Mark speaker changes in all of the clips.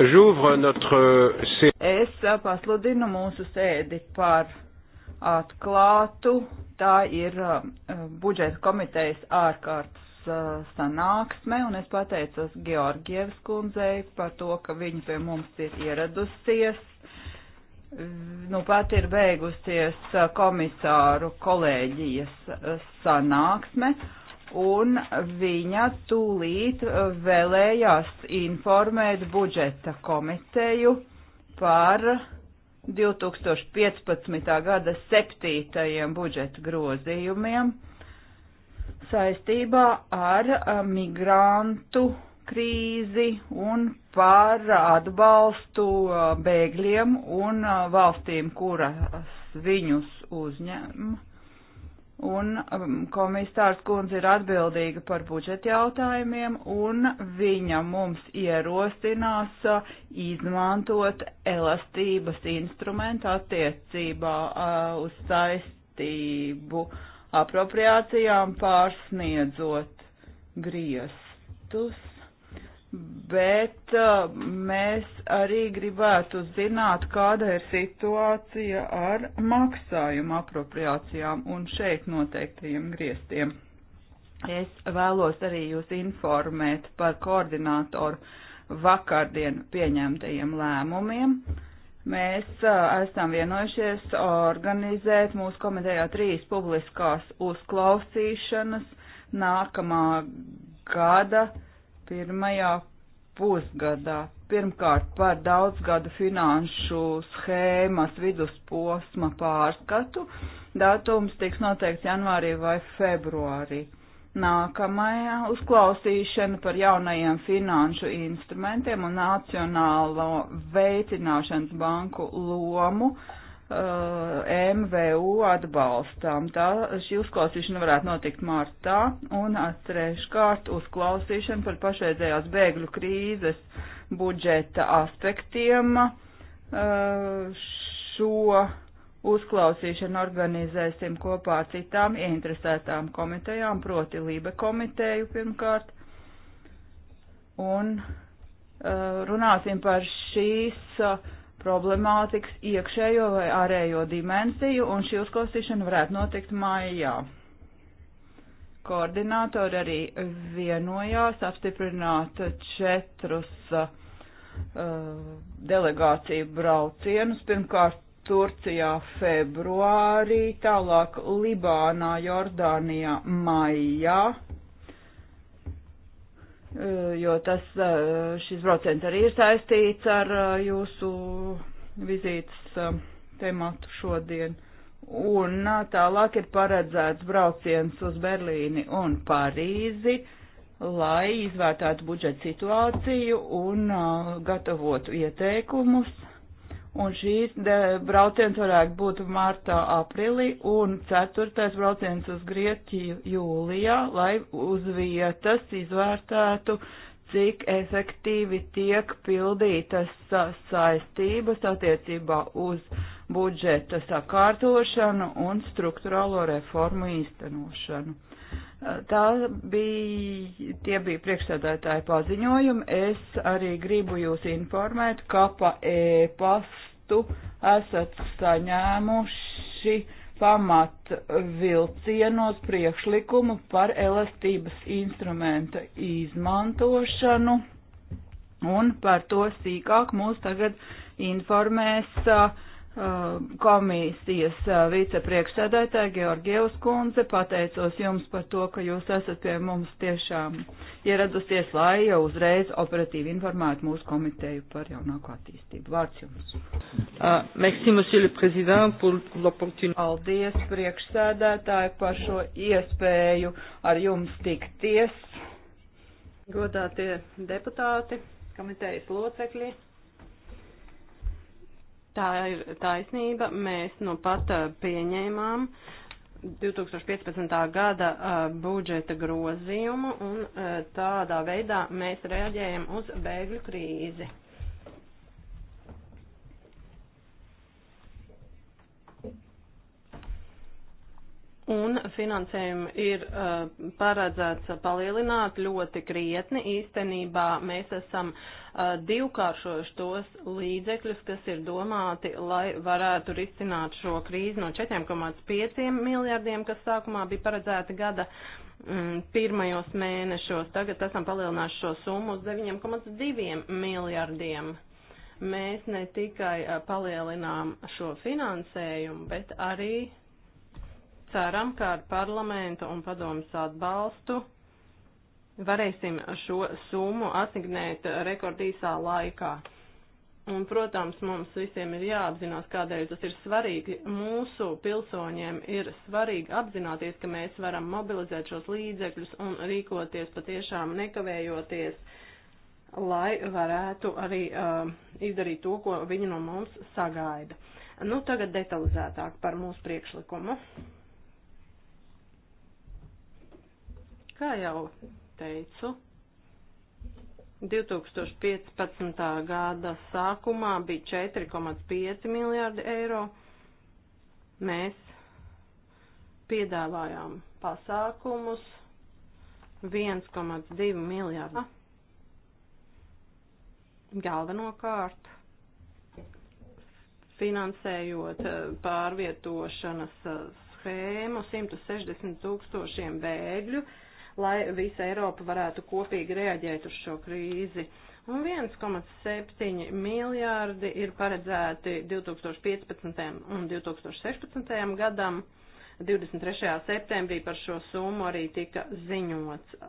Speaker 1: J'ouvre notre euh,
Speaker 2: Es uh, pasludinu mūsu sēdi par atklātu. Tā ir uh, uh, budžeta komitejas ārkārtas sanāksme, un es pateicos Georgievas kundzei par to, ka viņa pie mums ir ieradusies. Nu, pat ir beigusies komisāru kolēģijas sanāksme, un viņa tūlīt uh, vēlējās informēt budžeta komiteju par 2015. gada septītajiem budžeta grozījumiem saistībā ar uh, migrantu krīzi un par atbalstu uh, bēgļiem un valstīm, kuras viņus uzņem un um, komisārs kundze ir atbildīga par budžeta jautājumiem, un viņa mums ierosinās uh, izmantot elastības instrumentu attiecībā uh, uz saistību apropriācijām pārsniedzot griestus bet uh, mēs arī gribētu zināt, kāda ir situācija ar maksājumu apropriācijām un šeit noteiktajiem griestiem. Es vēlos arī jūs informēt par koordinātoru vakardien pieņemtajiem lēmumiem. Mēs uh, esam vienojušies organizēt mūsu komitejā trīs publiskās uzklausīšanas nākamā gada uh, pirmajā pusgadā. Pirmkārt par daudzgadu finanšu schēmas vidusposma pārskatu. Datums tiks noteikts janvārī vai februārī. Nākamajā uzklausīšana par jaunajiem finanšu instrumentiem un nacionālo veicināšanas banku lomu uh, Uh, MVU atbalstām. Tā šī uzklausīšana varētu notikt martā un uh, treškārt uzklausīšana par pašreizējās bēgļu krīzes budžeta aspektiem. Uh, šo uzklausīšanu organizēsim kopā ar citām ieinteresētām komitejām, proti Lībe komiteju pirmkārt. Un runāsim par šīs uh, problemātikas iekšējo vai ārējo dimensiju, un šī uzklausīšana varētu notikt maijā. Koordinātori arī vienojās apstiprināt četrus uh, delegāciju braucienus. Pirmkārt, Turcijā februārī, tālāk Libānā, Jordānijā maijā Eh, jo tas, eh, šis brauciens arī ir saistīts ar eh, jūsu vizītes tematu šodien. Un tālāk ir paredzēts brauciens uz Berlīni un Parīzi, lai izvērtētu budžeta situāciju un gatavotu ieteikumus Un šīs brauciens varētu būt martā, aprīlī, un ceturtais brauciens uz Grieķiju jūlijā, lai uz vietas izvērtētu, cik efektīvi tiek pildītas saistības attiecībā uz budžeta sakārtošanu un struktūrālo reformu īstenošanu. Eh, tā bija, tie bija priekšsēdētāji paziņojumi. Es arī gribu jūs informēt, ka pa e-pastu citu esat saņēmuši pamat vilcienos priekšlikumu par elastības instrumenta izmantošanu, un par to sīkāk mūs tagad informēs uh, komisijas uh, vicepriekšsēdētāja Georgievs kundze, pateicos jums par to, ka jūs esat pie mums tiešām ieradusies, lai jau uzreiz operatīvi informētu mūsu komiteju par jaunāko attīstību. Vārds jums. Uh, merci, monsieur le président, pour l'opportunité. Paldies, priekšsēdētāji, par šo iespēju ar jums tikties. Godātie deputāti,
Speaker 3: komitejas locekļi
Speaker 1: Tā ir taisnība. Mēs nu pat pieņēmām 2015. gada budžeta grozījumu un tādā veidā mēs reaģējam uz bēgļu krīzi. un finansējumu ir uh, paredzēts palielināt ļoti krietni. Īstenībā mēs esam uh, divkāršojuši tos līdzekļus, kas ir domāti, lai varētu risināt šo krīzi no 4,5 miljardiem, kas sākumā bija paredzēti gada mm, pirmajos mēnešos. Tagad esam palielinājuši šo summu uz 9,2 miljardiem mēs ne tikai uh, palielinām šo finansējumu, bet arī Ceram, ka ar parlamentu un padomas atbalstu varēsim šo summu asignēt rekordīsā laikā. Un, protams, mums visiem ir jāapzinās, kādēļ tas ir svarīgi. Mūsu pilsoņiem ir svarīgi apzināties, ka mēs varam mobilizēt šos līdzekļus un rīkoties patiešām nekavējoties, lai varētu arī uh, izdarīt to, ko viņi no mums sagaida. Nu, tagad detalizētāk par mūsu priekšlikumu. Kā jau teicu, 2015. gada sākumā bija 4,5 miljārdi eiro. Mēs piedāvājām pasākumus 1,2 miljārdu. Galvenokārt finansējot eh, pārvietošanas eh, schēmu 160 tūkstošiem bēgļu lai visa Eiropa varētu kopīgi reaģēt uz šo krīzi. Un 1,7 miljārdi ir paredzēti 2015. un 2016. gadam. 23. septembrī par šo summu arī tika ziņots.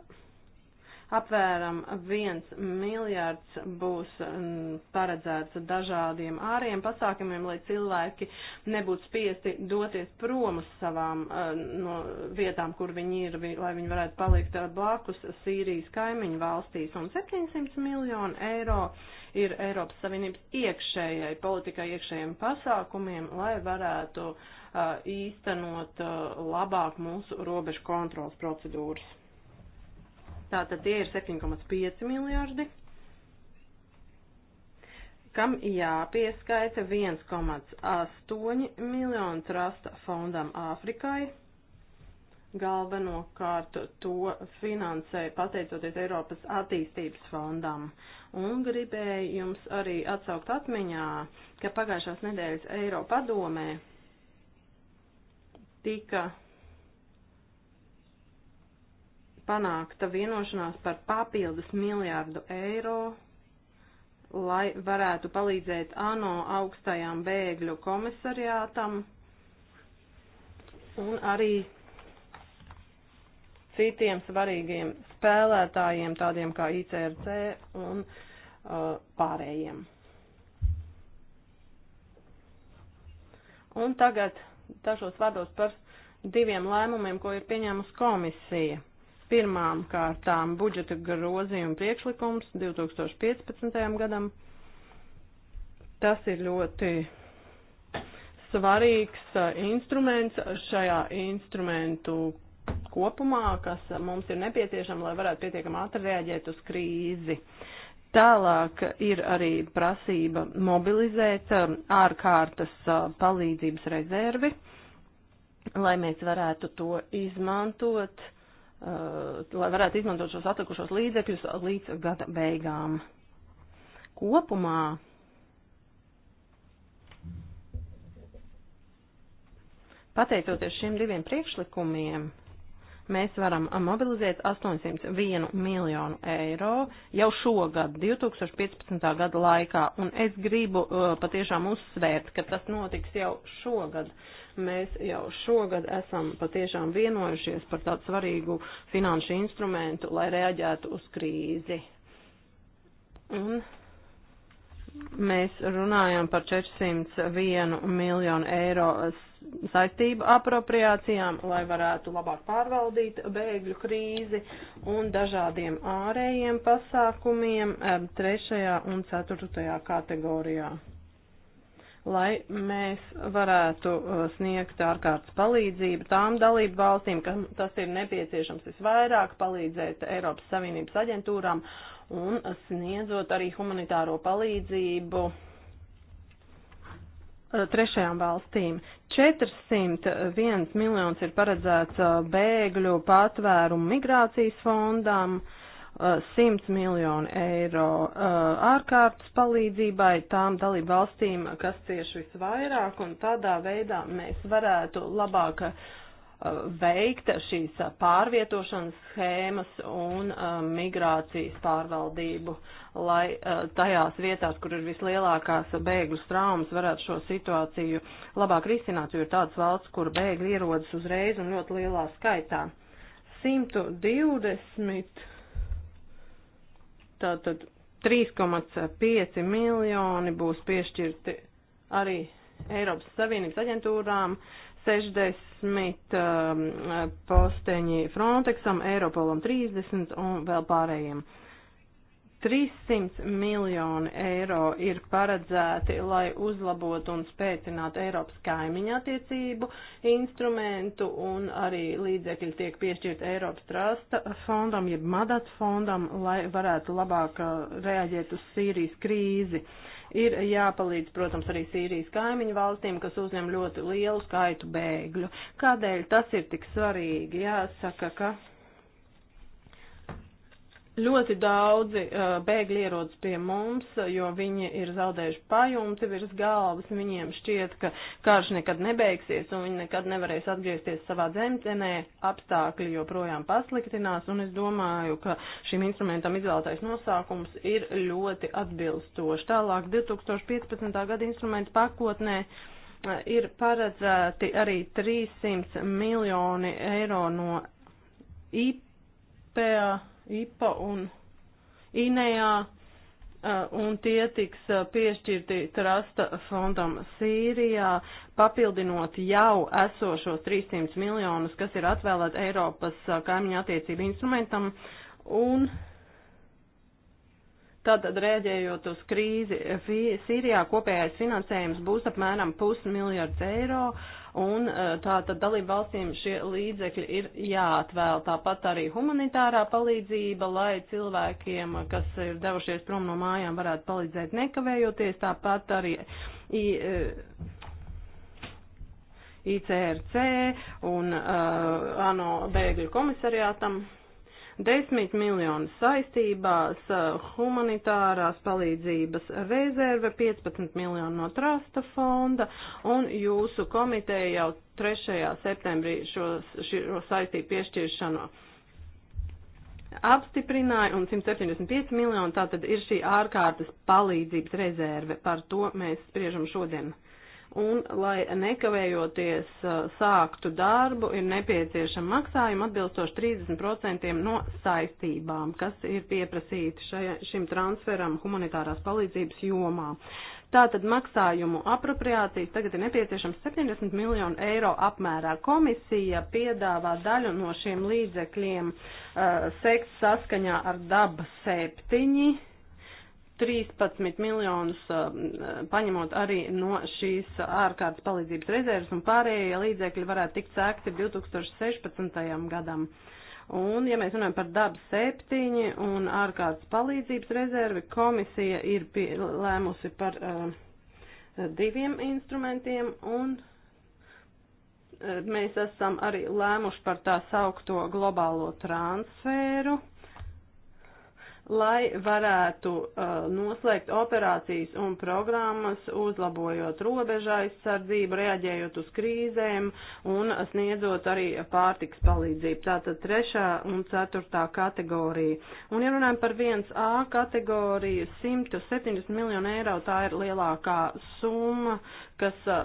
Speaker 1: Apmēram viens miljārds būs mm, paredzēts dažādiem āriem pasākumiem, lai cilvēki nebūtu spiesti doties prom uz savām eh, no vietām, kur viņi ir, lai viņi varētu palikt eh, blakus Sīrijas kaimiņu valstīs. Un 700 miljonu eiro ir Eiropas Savienības iekšējai politikai, iekšējiem pasākumiem, lai varētu uh, īstenot uh, labāk mūsu robežu kontrolas procedūras. Tātad tie ir 7,5 miljardi, kam jāpieskaita 1,8 miljonu trasta fondam Āfrikai. Galvenokārt to finansē pateicoties Eiropas attīstības fondam. Un gribēju jums arī atsaukt atmiņā, ka pagājušās nedēļas Eiropadomē tika panākta vienošanās par papildus miljārdu eiro, lai varētu palīdzēt ANO augstajām bēgļu komisariātam un arī citiem svarīgiem spēlētājiem, tādiem kā ICRC un uh, pārējiem. Un tagad dažos vārdos par diviem lēmumiem, ko ir pieņēmusi komisija. Pirmām kārtām budžeta grozījuma priekšlikums 2015. gadam. Tas ir ļoti svarīgs uh, instruments šajā instrumentu kopumā, kas mums ir nepieciešama, lai varētu pietiekami ātri reaģēt uz krīzi. Tālāk ir arī prasība mobilizēt um, ārkārtas uh, palīdzības rezervi, lai mēs varētu to izmantot Uh, lai varētu izmantot šos atlikušos līdzekļus līdz gada beigām. Kopumā pateicoties šiem diviem priekšlikumiem, mēs varam mobilizēt 801 miljonu eiro jau šogad, 2015. gada laikā. Un es gribu uh, patiešām uzsvērt, ka tas notiks jau šogad. Mēs jau šogad esam patiešām vienojušies par tādu svarīgu finanšu instrumentu, lai reaģētu uz krīzi. Un mēs runājam par 401 miljonu eiro saistību apropriācijām, lai varētu labāk pārvaldīt bēgļu krīzi un dažādiem ārējiem pasākumiem eh, trešajā un ceturtajā kategorijā. Lai mēs varētu eh, sniegt ārkārtas palīdzību tām dalību valstīm, kam tas ir nepieciešams visvairāk, palīdzēt Eiropas Savienības aģentūrām un sniedzot arī humanitāro palīdzību uh, Eh, trešajām valstīm. 401 miljons ir paredzēts eh, bēgļu patvērumu migrācijas fondam, 100 eh, miljoni eiro ārkārtas palīdzībai tām dalību valstīm, kas cieši visvairāk, un tādā veidā mēs varētu labāk uh, veikt šīs pārvietošanas schēmas un uh, migrācijas pārvaldību, lai uh, tajās vietās, kur ir vislielākās bēgļu traumas, varētu šo situāciju labāk risināt, jo ir tādas valsts, kur bēgļi ierodas uzreiz un ļoti lielā skaitā. 120, tātad 3,5 miljoni būs piešķirti arī Eiropas Savienības aģentūrām, uh, 60 um, posteņi Frontexam, Eiropolam 30 un vēl pārējiem. Uh, 300 miljoni eiro ir paredzēti, lai uzlabotu un spēcinātu Eiropas kaimiņa attiecību instrumentu un arī līdzekļi tiek piešķirt Eiropas trasta fondam, jeb Madat fondam, lai varētu labāk uh, reaģēt uz Sīrijas krīzi. Ir jāpalīdz, protams, arī Sīrijas kaimiņu valstīm, kas uzņem ļoti lielu skaitu bēgļu. Kādēļ tas ir tik svarīgi? Jāsaka, ka Ļoti daudzi uh, bēgļi ierodas pie mums, jo viņi ir zaudējuši pajumti virs galvas, viņiem šķiet, ka karš nekad nebeigsies un viņi nekad nevarēs atgriezties savā dzemtenē, apstākļi joprojām pasliktinās un es domāju, ka šim instrumentam izvēltais nosaukums ir ļoti atbilstoši. Tālāk 2015. gada instruments pakotnē uh, ir paredzēti arī 300 miljoni eiro no IPA IPA un INEA, uh, un tie tiks uh, piešķirti Trasta fondam Sīrijā, papildinot jau esošos 300 miljonus, kas ir atvēlēti Eiropas uh, kaimiņu attiecību instrumentam, un Tātad rēģējot uz krīzi Sīrijā, kopējais finansējums būs apmēram pusmiljards eiro, uh, un e, tā tad dalību valstīm šie līdzekļi ir jāatvēl. Tāpat arī humanitārā palīdzība, lai cilvēkiem, kas ir devušies prom no mājām, varētu palīdzēt nekavējoties, tāpat arī. I, e, ICRC un uh, ANO bēgļu komisariātam 10 miljonu saistībās, eh, humanitārās palīdzības rezerve, 15 miljonu no trasta fonda un jūsu komiteja jau 3. septembrī šo, šo saistību piešķiršanu apstiprināja un 175 miljoni, tā tad ir šī ārkārtas palīdzības rezerve, par to mēs spriežam šodien. Uh, un, lai nekavējoties sāktu darbu, ir nepieciešama maksājuma atbilstoši 30% no saistībām, kas ir pieprasīti šai, šim transferam humanitārās palīdzības jomā. Tātad maksājumu apropriācijas tagad ir nepieciešams 70 miljonu eiro apmērā. Komisija piedāvā daļu no šiem līdzekļiem uh, sekt saskaņā ar daba septiņi 13 miljonus um, paņemot arī no šīs ārkārtas palīdzības rezerves un pārējie līdzekļi varētu tikt sēkti 2016. gadam. Un, ja mēs runājam par dabu septiņi un ārkārtas palīdzības rezervi, komisija ir pie, lēmusi par uh, diviem instrumentiem un uh, mēs esam arī lēmuši par tā saukto globālo transferu. Uh, lai varētu uh, noslēgt operācijas un programmas, uzlabojot robežu aizsardzību, reaģējot uz krīzēm un sniedzot arī pārtiks palīdzību. Tātad trešā un ceturtā kategorija. Un ja runājam par 1A kategoriju, 170 miljonu eiro tā ir lielākā summa, kas uh,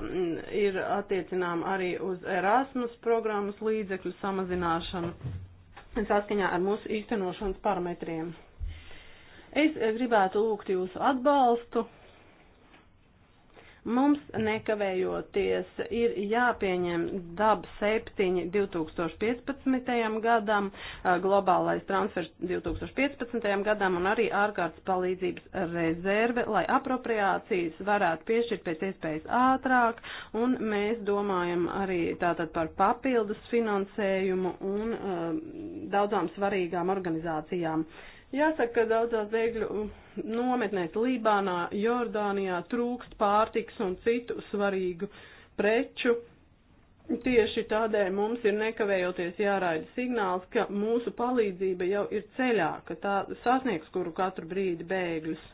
Speaker 1: ir attiecinām arī uz Erasmus programmas līdzekļu samazināšanu saskaņā ar mūsu īstenošanas parametriem. Es gribētu lūgt jūsu atbalstu. Mums nekavējoties ir jāpieņem DAB 7 2015. gadam, globālais transfers 2015. gadam un arī ārkārtas palīdzības rezerve, lai apropriācijas varētu piešķirt pēc iespējas ātrāk un mēs domājam arī tātad par papildus finansējumu un uh, daudzām svarīgām organizācijām. Uh, Jāsaka, ka daudzās bēgļu nometnēs Libānā, Jordānijā trūkst pārtiks un citu svarīgu preču. Tieši tādēļ mums ir nekavējoties jāraida signāls, ka mūsu palīdzība jau ir ceļā, ka tā sasniegs kuru katru brīdi bēgļus.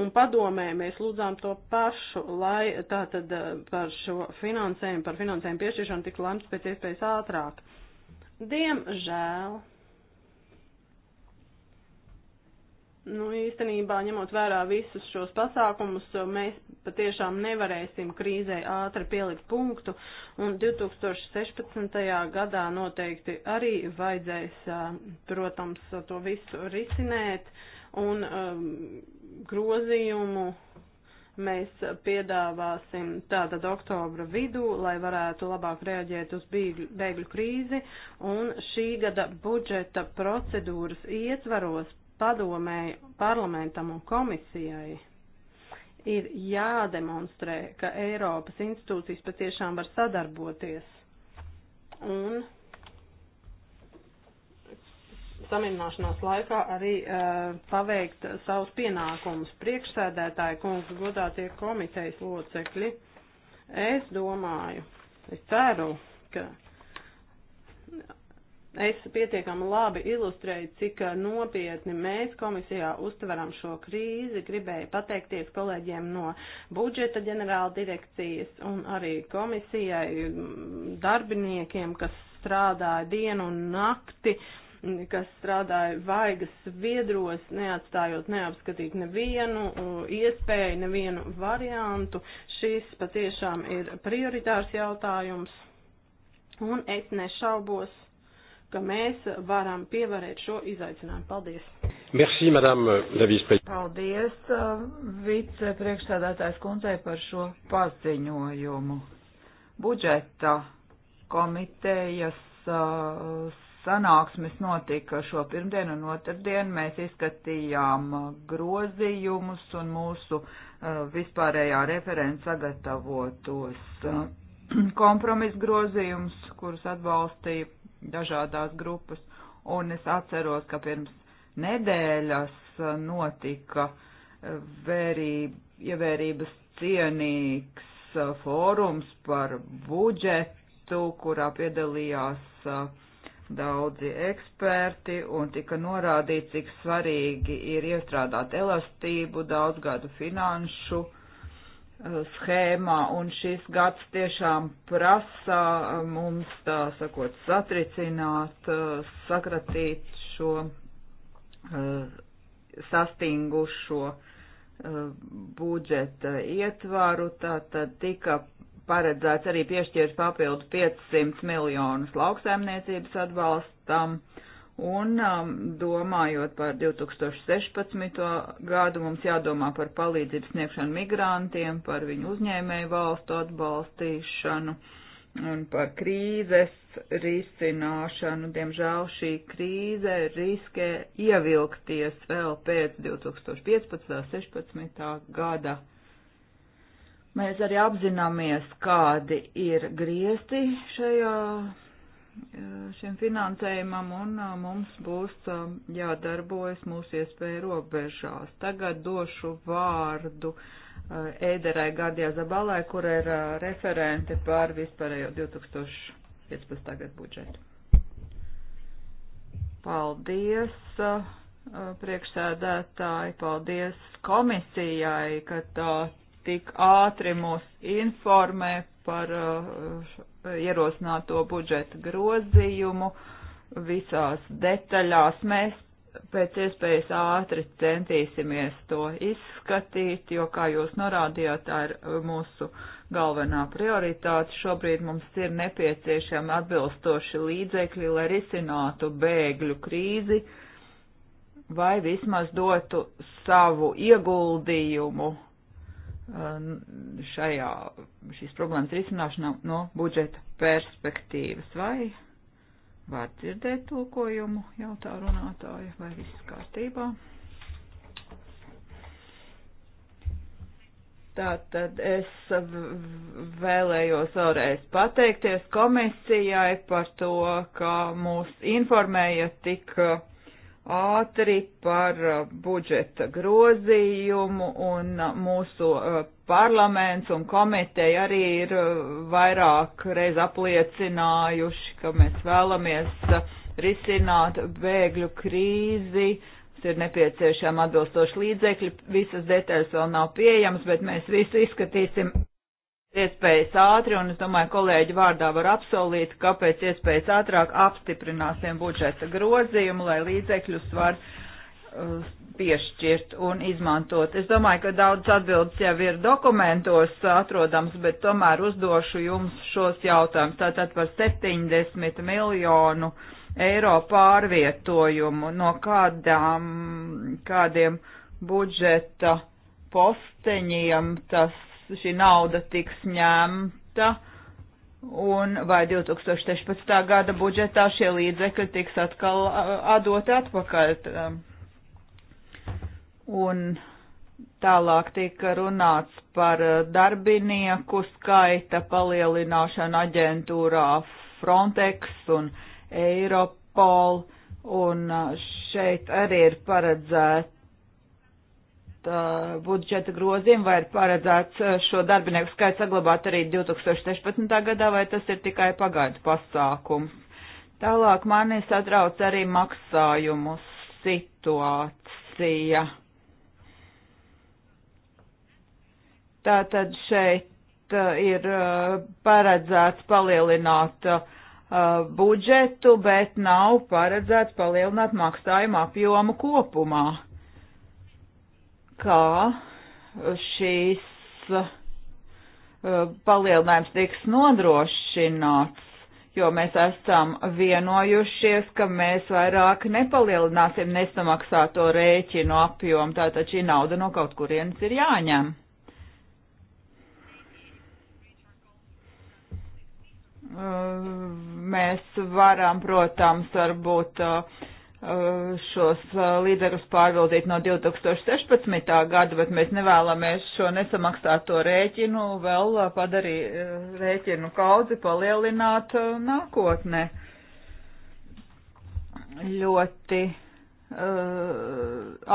Speaker 1: Un padomē mēs lūdzām to pašu, lai tā tad eh, par šo finansējumu, par finansējumu piešķiršanu tik lemts pēc iespējas ātrāk. Diemžēl Nu, īstenībā, ņemot vērā visus šos pasākumus, mēs patiešām nevarēsim krīzē ātri pielikt punktu, un 2016. gadā noteikti arī vajadzēs, protams, to visu risinēt, un um, grozījumu mēs piedāvāsim tātad oktobra vidu, lai varētu labāk reaģēt uz bīgļu, bēgļu krīzi, un šī gada budžeta procedūras ietvaros padomēji, parlamentam un komisijai ir jādemonstrē, ka Eiropas institūcijas patiešām var sadarboties un samierināšanās laikā arī uh, paveikt savus pienākumus. Priekšsēdētāji, kungs, godātie komitejas locekļi, es domāju, es ceru, ka es pietiekami labi ilustrēju, cik eh, nopietni mēs komisijā uztveram šo krīzi. Gribēju pateikties kolēģiem no budžeta ģenerāla direkcijas un arī komisijai mm, darbiniekiem, kas strādāja dienu un nakti mm, kas strādāja vaigas viedros, neatstājot neapskatīt nevienu iespēju, nevienu variantu. Šis patiešām ir prioritārs jautājums, un es nešaubos, ka mēs varam pievarēt šo izaicinājumu. Paldies! Merci, madame la viceprezidente.
Speaker 2: Paldies, uh, vicepriekšsādātājs kundzei par šo paziņojumu. Budžeta komitejas uh, sanāksmes notika šo pirmdienu un otrdienu. Mēs izskatījām uh, grozījumus un mūsu vispārējā referents sagatavotos kompromisgrozījumus, kurus atbalstīja dažādās grupas. Un es atceros, ka pirms nedēļas notika vērība, ievērības cienīgs fórums par budžetu, kurā piedalījās daudzi eksperti un tika norādīts, cik svarīgi ir iestrādāt elastību daudzgadu finanšu uh, schēmā, un šis gads tiešām prasa uh, mums, tā sakot, satricināt, uh, sakratīt šo uh, sastingušo budžeta ietvaru, tātad tika paredzēts arī piešķirt papildu 500 miljonus lauksaimniecības atbalstam, uh, Un um, domājot par 2016. gadu, mums jādomā par palīdzību sniegšanu migrantiem, par viņu uzņēmēju valstu atbalstīšanu un par krīzes risināšanu. Diemžēl šī krīze riskē ievilkties vēl pēc 2015. un 2016. gada. Mēs arī apzināmies, kādi ir griezti šajā šim finansējumam un uh, mums būs um, jādarbojas mūsu iespēju robežās. Tagad došu vārdu uh, Eiderai Gardijā Zabalai, kur ir uh, referente par vispārējo 2015. gadu budžetu. Paldies, priekšsēdētāji, paldies komisijai, ka tā tik ātri mūs informē par ierosināto budžeta grozījumu visās detaļās. Mēs pēc iespējas ātri centīsimies to izskatīt, jo, kā jūs norādījāt, tā ir mūsu galvenā prioritāte. Šobrīd mums ir nepieciešami atbilstoši līdzekļi, lai risinātu bēgļu krīzi vai vismaz dotu savu ieguldījumu šajā, šīs problēmas risināšanā no budžeta perspektīvas. Vai var dzirdēt tulkojumu, jautā runātāja, vai viss kārtībā? Tātad es vēlējos vēlreiz pateikties komisijai par to, ka mūs informēja tik uh, ātri par uh, budžeta grozījumu un uh, mūsu uh, parlaments un komiteja arī ir vairāk reiz apliecinājuši, ka mēs vēlamies risināt bēgļu krīzi, ir nepieciešama atbilstoši līdzekļi, visas detaļas vēl nav pieejamas, bet mēs visu izskatīsim iespējas ātri, un es domāju, kolēģi vārdā var apsolīt, ka pēc iespējas ātrāk apstiprināsim budžeta grozījumu, lai līdzekļus var uh, piešķirt un izmantot. Es domāju, ka daudz atbildes jau ir dokumentos atrodams, bet tomēr uzdošu jums šos jautājumus. Tātad par 70 miljonu eiro pārvietojumu no kādām, kādiem budžeta posteņiem tas šī nauda tiks ņemta un vai 2016. gada budžetā šie līdzekļi tiks atkal atdoti atpakaļ. Um, un Tālāk tika runāts par darbinieku skaita palielināšanu aģentūrā Frontex un Eiropol, un šeit arī ir paredzēta uh, budžeta grozījumu, vai ir paredzēts uh, šo darbinieku skaitu saglabāt arī 2016. gadā, vai tas ir tikai pagaidu pasākums. Tālāk mani satrauc arī maksājumu situācija. Tātad šeit uh, ir uh, paredzēts palielināt uh, budžetu, bet nav paredzēts palielināt maksājumu apjomu kopumā kā šīs uh, palielinājums tiks nodrošināts, jo mēs esam vienojušies, ka mēs vairāk nepalielināsim nesamaksāto rēķinu apjomu, tātad šī nauda no kaut kurienes ir jāņem. Uh, mēs varam, protams, varbūt uh, Uh, šos uh, līdzekļus pārvaldīt no 2016. gada, bet mēs nevēlamies šo nesamaksāto rēķinu vēl uh, padarīt rēķinu kaudzi palielināt nākotnē. Ļoti uh,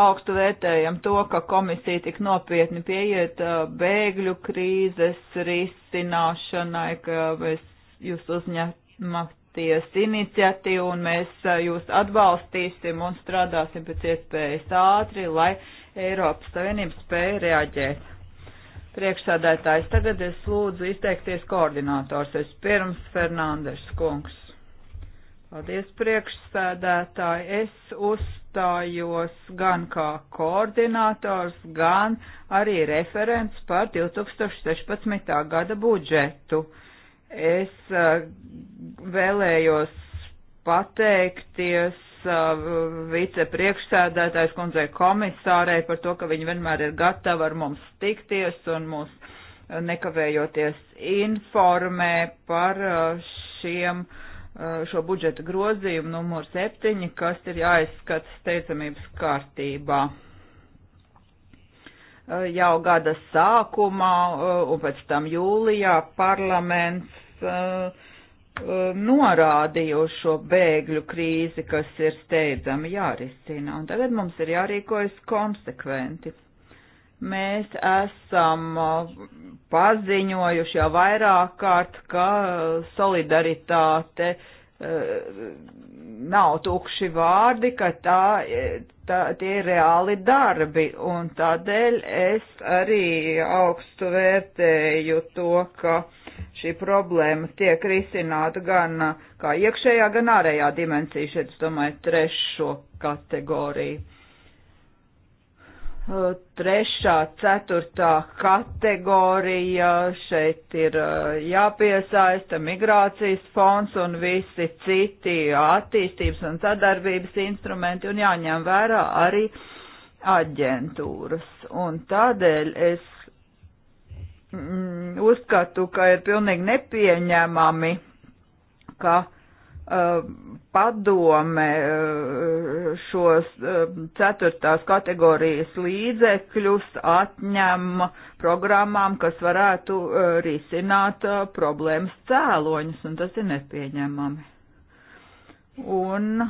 Speaker 2: augstu vērtējam to, ka komisija tik nopietni pieiet uh, bēgļu krīzes risināšanai, ka mēs jūs uzņemat uzņemties iniciatīvu un mēs jūs atbalstīsim un strādāsim pēc iespējas ātri, lai Eiropas Savienība spēja reaģēt. Priekšsādētājs tagad es lūdzu izteikties koordinators. Es pirms Fernandes kungs. Paldies priekšsēdētāji. Es uzstājos gan kā koordinators, gan arī referents par 2016. gada budžetu. Uh, Es uh, vēlējos pateikties uh, vicepriekšsēdētājs kundzei komisārei par to, ka viņi vienmēr ir gatavi ar mums tikties un mūs uh, nekavējoties informē par šiem, šo budžeta grozījumu numur septiņi, kas ir jāizskata steidzamības kārtībā. Eh, jau gada sākumā eh, un pēc tam jūlijā parlaments eh, norādīja uz šo bēgļu krīzi, kas ir steidzami jārisina, un tagad mums ir jārīkojas konsekventi. Mēs esam paziņojuši jau vairāk kārt, ka solidaritāte nav tukši vārdi, ka tā tā, tie ir reāli darbi, un tādēļ es arī augstu vērtēju to, ka šī problēma tiek risināta gan kā iekšējā, gan ārējā dimensija, šeit es domāju trešo kategoriju. Eh, trešā, ceturtā kategorija, šeit ir eh, jāpiesaista migrācijas fonds un visi citi attīstības un sadarbības instrumenti un jāņem vērā arī aģentūras. Un tādēļ es mm, uzskatu, ka ir pilnīgi nepieņēmami, ka uh, padome eh, šos eh, ceturtās kategorijas līdzekļus atņem programmām, kas varētu eh, risināt problēmas cēloņus, un tas ir nepieņemami. Un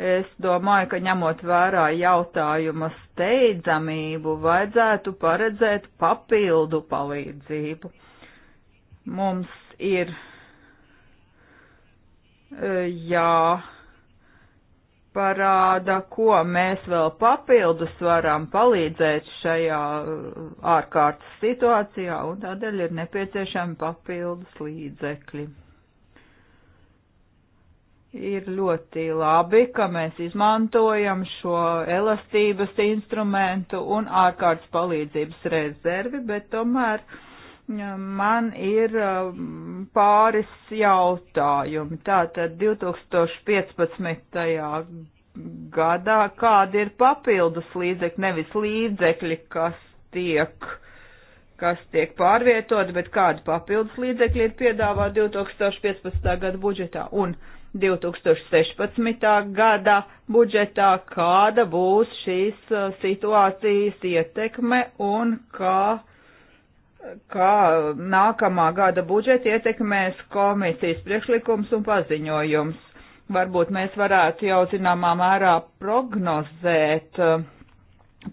Speaker 2: es domāju, ka ņemot vērā jautājuma steidzamību, vajadzētu paredzēt papildu palīdzību. Mums ir jā, parāda, ko mēs vēl papildus varam palīdzēt šajā uh, ārkārtas situācijā, un tādēļ ir nepieciešami papildus līdzekļi. Ir ļoti labi, ka mēs izmantojam šo elastības instrumentu un ārkārtas palīdzības rezervi, bet tomēr uh, man ir uh, pāris jautājumi. Tātad 2015. gadā kādi ir papildus līdzekļi, nevis līdzekļi, kas tiek kas tiek pārvietoti, bet kādi papildus līdzekļi ir piedāvāti 2015. gada budžetā un 2016. gada budžetā, kāda būs šīs uh, situācijas ietekme un kā kā nākamā gada budžeti ietekmēs komisijas priekšlikums un paziņojums. Varbūt mēs varētu jau zināmā mērā prognozēt,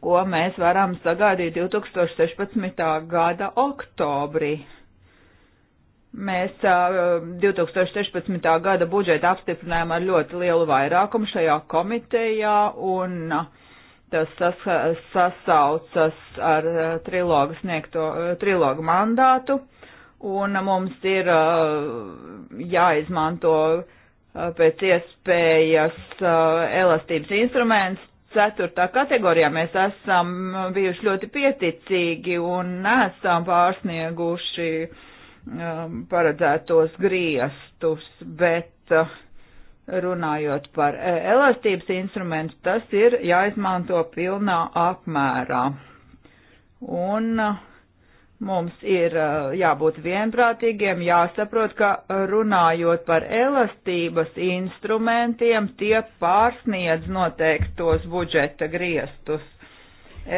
Speaker 2: ko mēs varam sagaidīt 2016. gada oktobrī. Mēs 2016. gada budžetu apstiprinājām ar ļoti lielu vairākumu šajā komitejā un uh, tas sasaucas ar uh, trilogu sniegto, uh, trilogu mandātu, un mums ir uh, jāizmanto pēc iespējas elastības instruments. Ceturtā kategorijā mēs esam bijuši ļoti pieticīgi un nesam pārsnieguši um, paredzētos griestus, bet uh, Runājot par e, elastības instrumentu, tas ir jāizmanto pilnā apmērā. Un e, mums ir e, jābūt vienprātīgiem, jāsaprot, ka runājot par elastības instrumentiem, tie pārsniedz noteiktos budžeta griestus.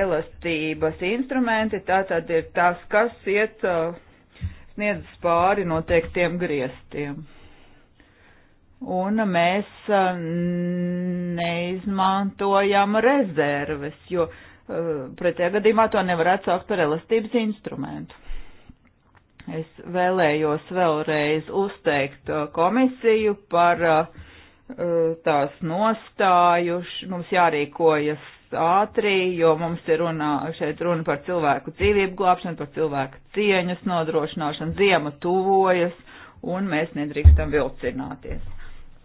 Speaker 2: Elastības instrumenti tātad ir tas, kas iet sniedz pāri noteiktiem griestiem un mēs uh, neizmantojam rezerves, jo uh, pretējā gadījumā to nevarētu saukt par elastības instrumentu. Es vēlējos vēlreiz uzteikt uh, komisiju par tās nostāju. Mums jārīkojas ātri, jo mums ir runa, šeit runa par cilvēku dzīvību glābšanu, par cilvēku cieņas nodrošināšanu, ziema tuvojas, un mēs nedrīkstam vilcināties.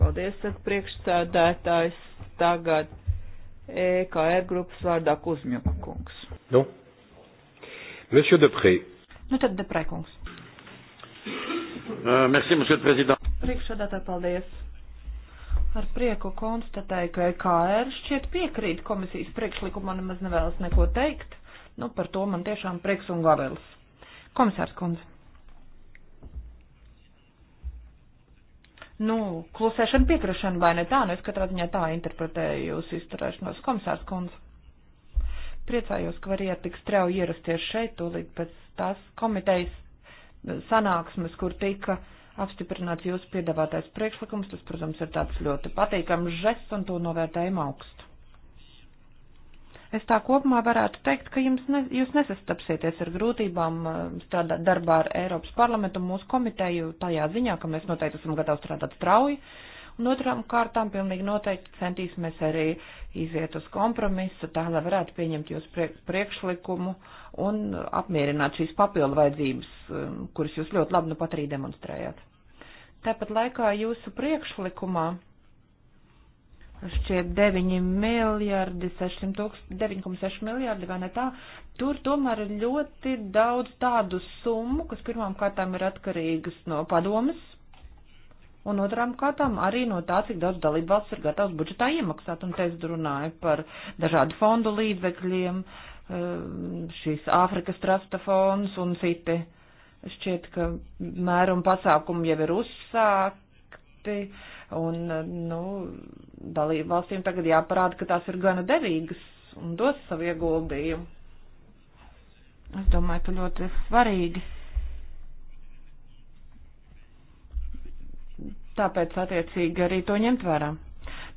Speaker 2: Paldies, saka priekšsēdētājs. Tagad EKR grupas vārdā Kuzmjuka kungs.
Speaker 1: Nu, Monsieur Depré.
Speaker 3: Nu tad Depré kungs.
Speaker 1: Uh, merci, monsieur le président.
Speaker 3: Priekšsēdētāj, paldies. Ar prieku konstatēju, ka EKR šķiet piekrīt komisijas priekšlikumā nemaz nevēlas neko teikt. Nu, par to man tiešām prieks un gavels. Komisārs kundze. nu, klusēšana piekrišana vai ne tā, nu es katrā ziņā tā interpretēju jūsu izturēšanos, komisārs kundze. Priecājos, ka variet tik strauji ierasties šeit, tūlīt pēc tās komitejas eh, sanāksmes, kur tika apstiprināts jūsu piedāvātais priekšlikums, tas, protams, ir tāds ļoti patīkams žests un to novērtējam augstu es tā kopumā varētu teikt, ka jums ne, jūs nesastapsieties ar grūtībām eh, strādāt darbā ar Eiropas parlamentu un mūsu komiteju tajā ziņā, ka mēs noteikti esam gatavi strādāt strauji. Un otrām kārtām pilnīgi noteikti centīsimies arī iziet uz kompromisu, tā lai varētu pieņemt jūs priekšlikumu un apmierināt šīs papildu vajadzības, eh, kuras jūs ļoti labi nu pat arī demonstrējāt. Tāpat laikā jūsu priekšlikumā šķiet 9 miljardi, 600 tūkst, 9,6 miljardi vai ne tā, tur tomēr ir ļoti daudz tādu summu, kas pirmām kārtām ir atkarīgas no padomas, un otrām kārtām arī no tā, cik daudz dalībvalsts ir gatavs budžetā iemaksāt, un te es runāju par dažādu fondu līdzekļiem, ehm, šīs Āfrikas trasta fonds un citi. Šķiet, ka mērum pasākumi jau ir uzsākti. Uh, Un, nu, dalību valstīm tagad jāparāda, ka tās ir gana derīgas un dos savu ieguldījumu. Es domāju, ka ļoti svarīgi. Tāpēc attiecīgi arī to ņemt vērā.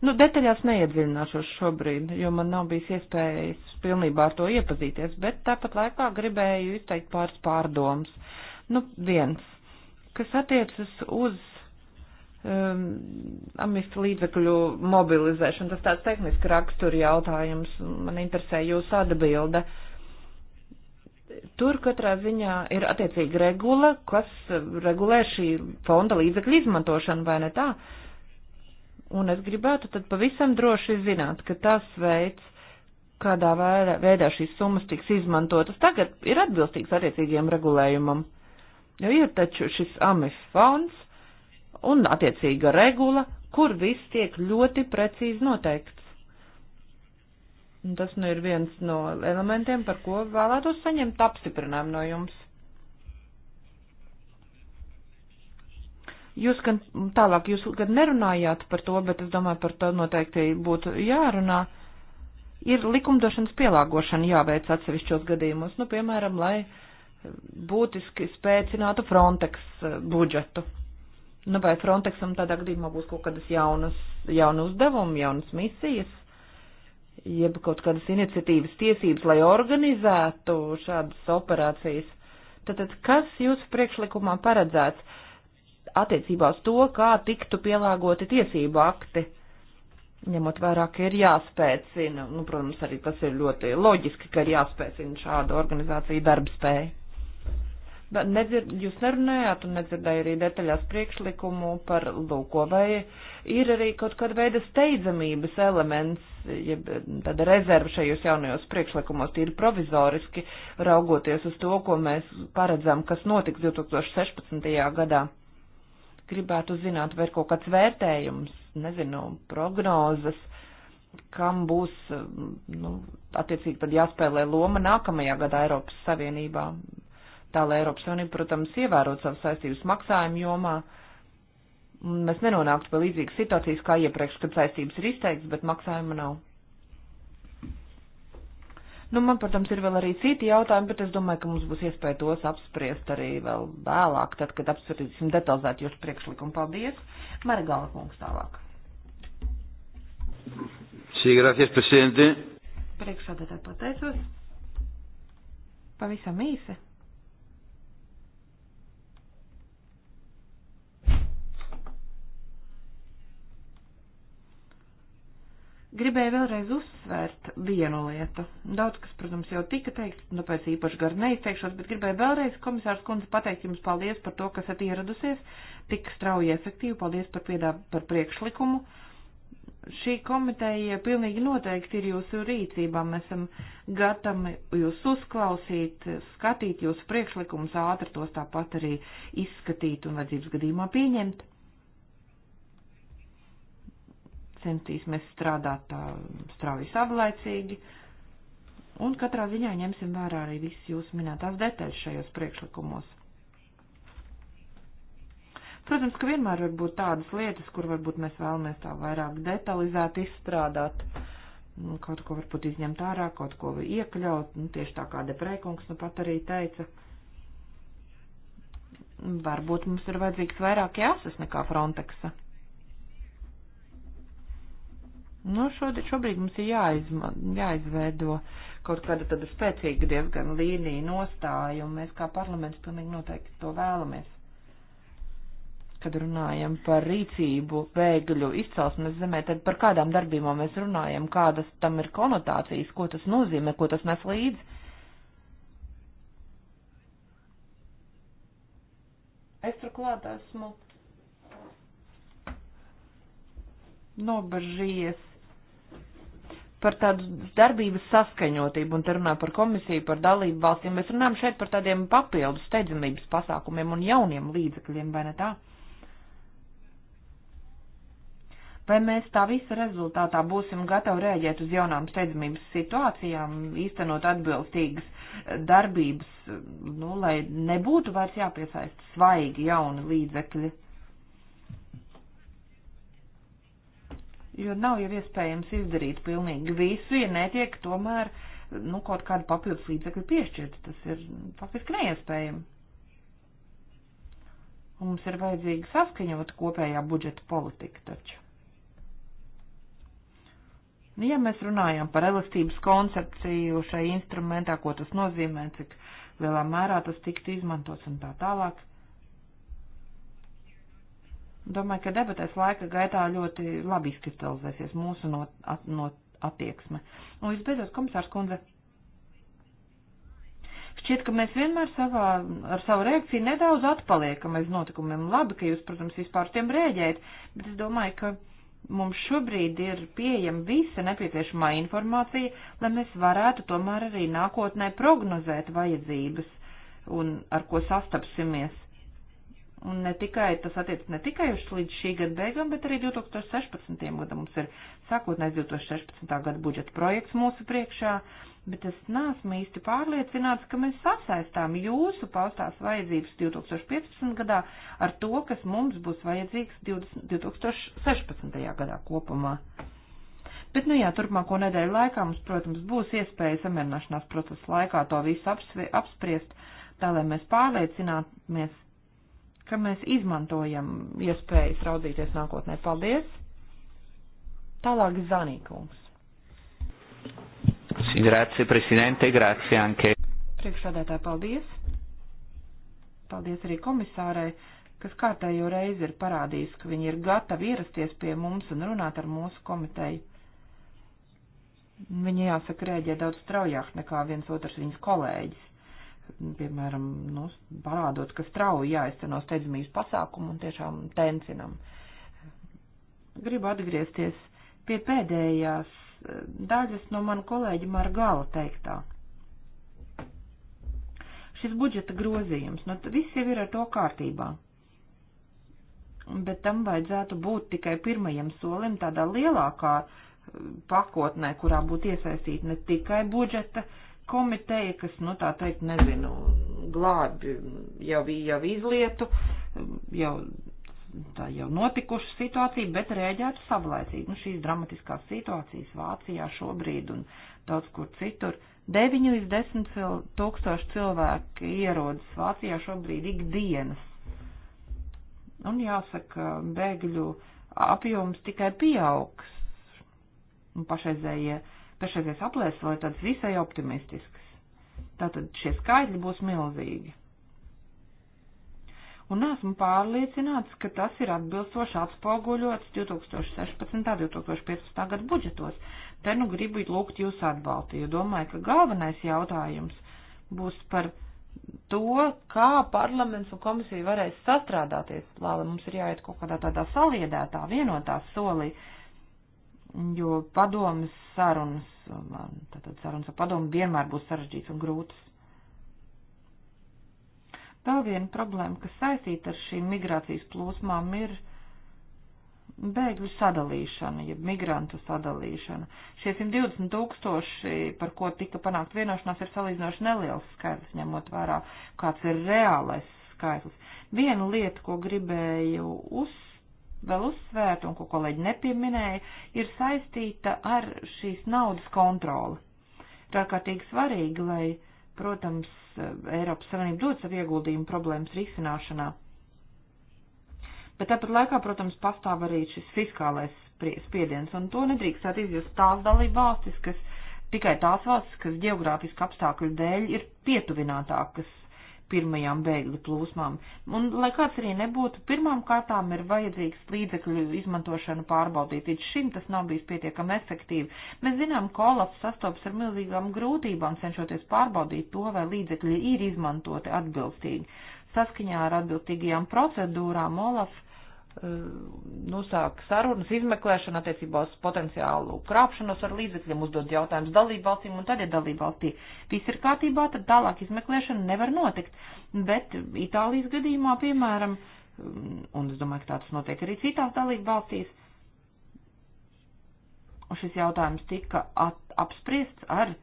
Speaker 3: Nu, detaļās neiedziļināšos šobrīd, jo man nav bijis iespējas pilnībā ar to iepazīties, bet tāpat laikā gribēju izteikt pāris pārdomas. Nu, viens, kas attiecas uz um, amis līdzekļu mobilizēšana. Tas tāds tehniski rakstura jautājums. Man interesē jūsu atbilde. Tur katrā ziņā ir attiecīgi regula, kas regulē šī fonda līdzekļu izmantošanu, vai ne tā? Un es gribētu tad pavisam droši zināt, ka tas veids, kādā veidā šīs summas tiks izmantotas, tagad ir atbilstīgs attiecīgiem regulējumam. Jo ir taču šis AMIF fonds, un attiecīga regula, kur viss tiek ļoti precīzi noteikts. Un tas nu ir viens no elementiem, par ko vēlētos saņemt apstiprinājumu no jums. Jūs gan tālāk, jūs gan nerunājāt par to, bet es domāju, par to noteikti būtu jārunā. Ir likumdošanas pielāgošana jāveic atsevišķos gadījumos, nu, piemēram, lai būtiski spēcinātu Frontex eh, budžetu. Nu, vai Frontexam tādā gadījumā būs kaut kādas jaunas, jauna uzdevuma, jaunas misijas, jeb kaut kādas iniciatīvas tiesības, lai organizētu šādas operācijas? Tātad, kas jūsu priekšlikumā paredzēts attiecībā uz to, kā tiktu pielāgoti tiesību akti? Ņemot vērā, ka ir jāspēcina, nu, protams, arī tas ir ļoti loģiski, ka ir jāspēcina šāda organizācija darbspēja. Nedzird, jūs nerunājāt un nedzirdēju arī detaļās priekšlikumu par lūko, vai ir arī kaut kāda veida steidzamības elements, ja tāda rezerva šajos jaunajos priekšlikumos, tīri provizoriski raugoties uz to, ko mēs paredzam, kas notiks 2016. gadā. Gribētu zināt, vai ir kaut kāds vērtējums, nezinu, prognozes, kam būs, nu, attiecīgi tad jāspēlē loma nākamajā gadā Eiropas Savienībā tā lai Eiropas Savienība, protams, ievērot savas saistības maksājumu jomā. Mēs nenonāktu pie līdzīgas situācijas kā iepriekš, kad saistības ir izteikts, bet maksājuma nav. Nu, man, protams, ir vēl arī citi jautājumi, bet es domāju, ka mums būs iespēja tos apspriest arī vēl vēlāk, tad, kad apspriestīsim detalizēt jūsu priekšlikumu. Paldies! Marigāla kungs tālāk.
Speaker 2: Sí, gracias, presidente.
Speaker 3: Priekšsādātāji pateicos. Pavisam īsi. Gribēju vēlreiz uzsvērt vienu lietu. Daudz, kas, protams, jau tika teikt, tāpēc nu, īpaši gar neizteikšos, bet gribēju vēlreiz komisārs kundze pateikt jums paldies par to, kas esat ieradusies, tik strauji efektīvi, paldies par, piedā, par priekšlikumu. Šī komiteja pilnīgi noteikti ir jūsu rīcībā, mēs esam gatavi jūs uzklausīt, skatīt jūsu priekšlikumus, ātri tos tāpat arī izskatīt un vajadzības gadījumā pieņemt. centīsimies strādāt tā strauji savlaicīgi. Un katrā ziņā ņemsim vērā arī visas jūsu minētās detaļas šajos priekšlikumos. Protams, ka vienmēr var būt tādas lietas, kur varbūt mēs vēlamies tā vairāk detalizēt izstrādāt, nu, kaut ko varbūt izņemt ārā, kaut ko iekļaut, nu, tieši tā kā deprēkungs nu pat arī teica. Varbūt mums ir vajadzīgs vairāk jāsas nekā Frontexa. Nu, šodien, šobrīd mums ir jāizma, jāizveido kaut kāda tāda spēcīga diezgan līnija nostāja, un mēs kā parlaments pilnīgi noteikti to vēlamies. Kad runājam par rīcību, bēgļu izcelsmes zemē, tad par kādām darbībām mēs runājam, kādas tam ir konotācijas, ko tas nozīmē, ko tas nes līdzi. Es turklāt esmu nobažījies par tādu darbības saskaņotību, un te runā par komisiju, par dalību valstīm. Mēs runājam šeit par tādiem papildus steidzamības pasākumiem un jauniem līdzekļiem, vai ne tā? Vai mēs tā visa rezultātā būsim gatavi rēģēt uz jaunām steidzamības situācijām, īstenot atbilstīgas darbības, nu, lai nebūtu vairs jāpiesaista svaigi jauni līdzekļi? jo nav jau iespējams izdarīt pilnīgi visu, ja netiek tomēr, nu, kaut kāda papildus līdzekļa piešķirta. Tas ir faktiski neiespējami. Un mums ir vajadzīga saskaņot kopējā budžeta politika taču. Nu, ja mēs runājam par elastības koncepciju šai instrumentā, ko tas nozīmē, cik lielā mērā tas tiktu izmantots un tā tālāk, Domāju, ka debatēs laika gaitā ļoti labi izkristalizēsies mūsu no, at, no attieksme. Un visbeidzot, komisārs kundze, šķiet, ka mēs vienmēr savā, ar savu reakciju nedaudz atpaliekam aiz notikumiem. Labi, ka jūs, protams, vispār tiem rēģējat, bet es domāju, ka mums šobrīd ir pieejama visa nepieciešamā informācija, lai mēs varētu tomēr arī nākotnē prognozēt vajadzības un ar ko sastapsimies. Un ne tikai, tas attiec ne tikai uz līdz šī gada beigām, bet arī 2016. gadam mums ir sākotnēs 2016. gada budžeta projekts mūsu priekšā, bet es neesmu īsti pārliecināts, ka mēs sasaistām jūsu paustās vajadzības 2015. gadā ar to, kas mums būs vajadzīgs 20, 2016. gadā kopumā. Bet, nu jā, turpmāko nedēļu laikā mums, protams, būs iespēja samierināšanās procesa laikā to visu apspriest, tā lai mēs pārliecināmies ka mēs izmantojam iespējas raudzīties nākotnē. Paldies! Tālāk Zanīkums.
Speaker 1: Grazie, prezidente, grazie anche.
Speaker 3: Priekšsādētāji, paldies! Paldies arī komisārai, kas kārtējo reizi ir parādījis, ka viņi ir gatavi ierasties pie mums un runāt ar mūsu komiteju. Viņa jāsaka rēģē daudz straujāk nekā viens otrs viņas kolēģis piemēram, nu, parādot, ka strauji jāizceno steidzamības pasākumu un tiešām tencinam. Gribu atgriezties pie pēdējās daļas no manu kolēģi Margala teiktā. Šis budžeta grozījums, nu, viss jau ir ar to kārtībā. Bet tam vajadzētu būt tikai pirmajam solim tādā lielākā pakotnē, kurā būtu iesaistīti ne tikai budžeta uh, komiteja, kas, nu tā teikt, nezinu, glābi jau, jau izlietu, jau tā jau notikuša situācija, bet rēģētu savlaicīgi. Nu, šīs dramatiskās situācijas Vācijā šobrīd un daudz kur citur. 9 līdz 10 cil tūkstoši cilvēki ierodas Vācijā šobrīd ikdienas. Un jāsaka, bēgļu apjoms tikai pieaugs. Un pašreizējie ja Pašreizies aplēses vēl ir tādas visai optimistiskas. Tātad šie skaitļi būs milzīgi. Un esmu pārliecināts, ka tas ir atbilstoši atspoguļots 2016. un 2015. gada budžetos. Te nu gribu lūgt jūs atbalstu, jo domāju, ka galvenais jautājums būs par to, kā parlaments un komisija varēs sastrādāties, lai mums ir jāiet kaut kādā tādā saliedētā, vienotā solī. Uh, jo padomas sarunas, tātad sarunas ar padomu vienmēr būs sarežģītas un grūtas. Vēl viena problēma, kas saistīta ar šīm migrācijas plūsmām, ir bēgļu sadalīšana, jeb ja migrantu sadalīšana. Šie 120 tūkstoši, par ko tika panākt vienošanās, ir salīdzinoši neliels skaitlis, ņemot vērā, kāds ir reālais skaitlis. Viena lieta, ko gribēju uzsākt, vēl uzsvērt un ko kolēģi nepieminēja, ir saistīta ar šīs naudas kontroli. Tā kā tīk svarīgi, lai, protams, Eiropas Savienība dod savu ieguldījumu problēmas risināšanā. Bet tāpat laikā, protams, pastāv arī šis fiskālais spiediens, un to nedrīkstētu izjust tās dalība valstis, kas tikai tās valstis, kas geogrāfiski apstākļu dēļ ir pietuvinātākas pirmajām bēgļu plūsmām. Un, lai kāds arī nebūtu, pirmām kārtām ir vajadzīgs līdzekļu izmantošanu pārbaudīt. Līdz šim tas nav bijis pietiekami efektīvi. Mēs zinām, ka Olafs sastopas ar milzīgām grūtībām, cenšoties pārbaudīt to, vai līdzekļi ir izmantoti atbilstīgi. Saskaņā ar atbilstīgajām procedūrām Olafs Eh, nosāk sarunas, izmeklēšana attiecībā uz potenciālu krāpšanos ar līdzekļiem, uzdod jautājumus dalību valstīm, un tad, ja dalību valstī viss ir kārtībā, tad tālāk izmeklēšana nevar notikt. Bet Itālijas gadījumā, piemēram, eh, un es domāju, ka tāds notiek arī citās dalību valstīs, šis jautājums tika at, apspriests ar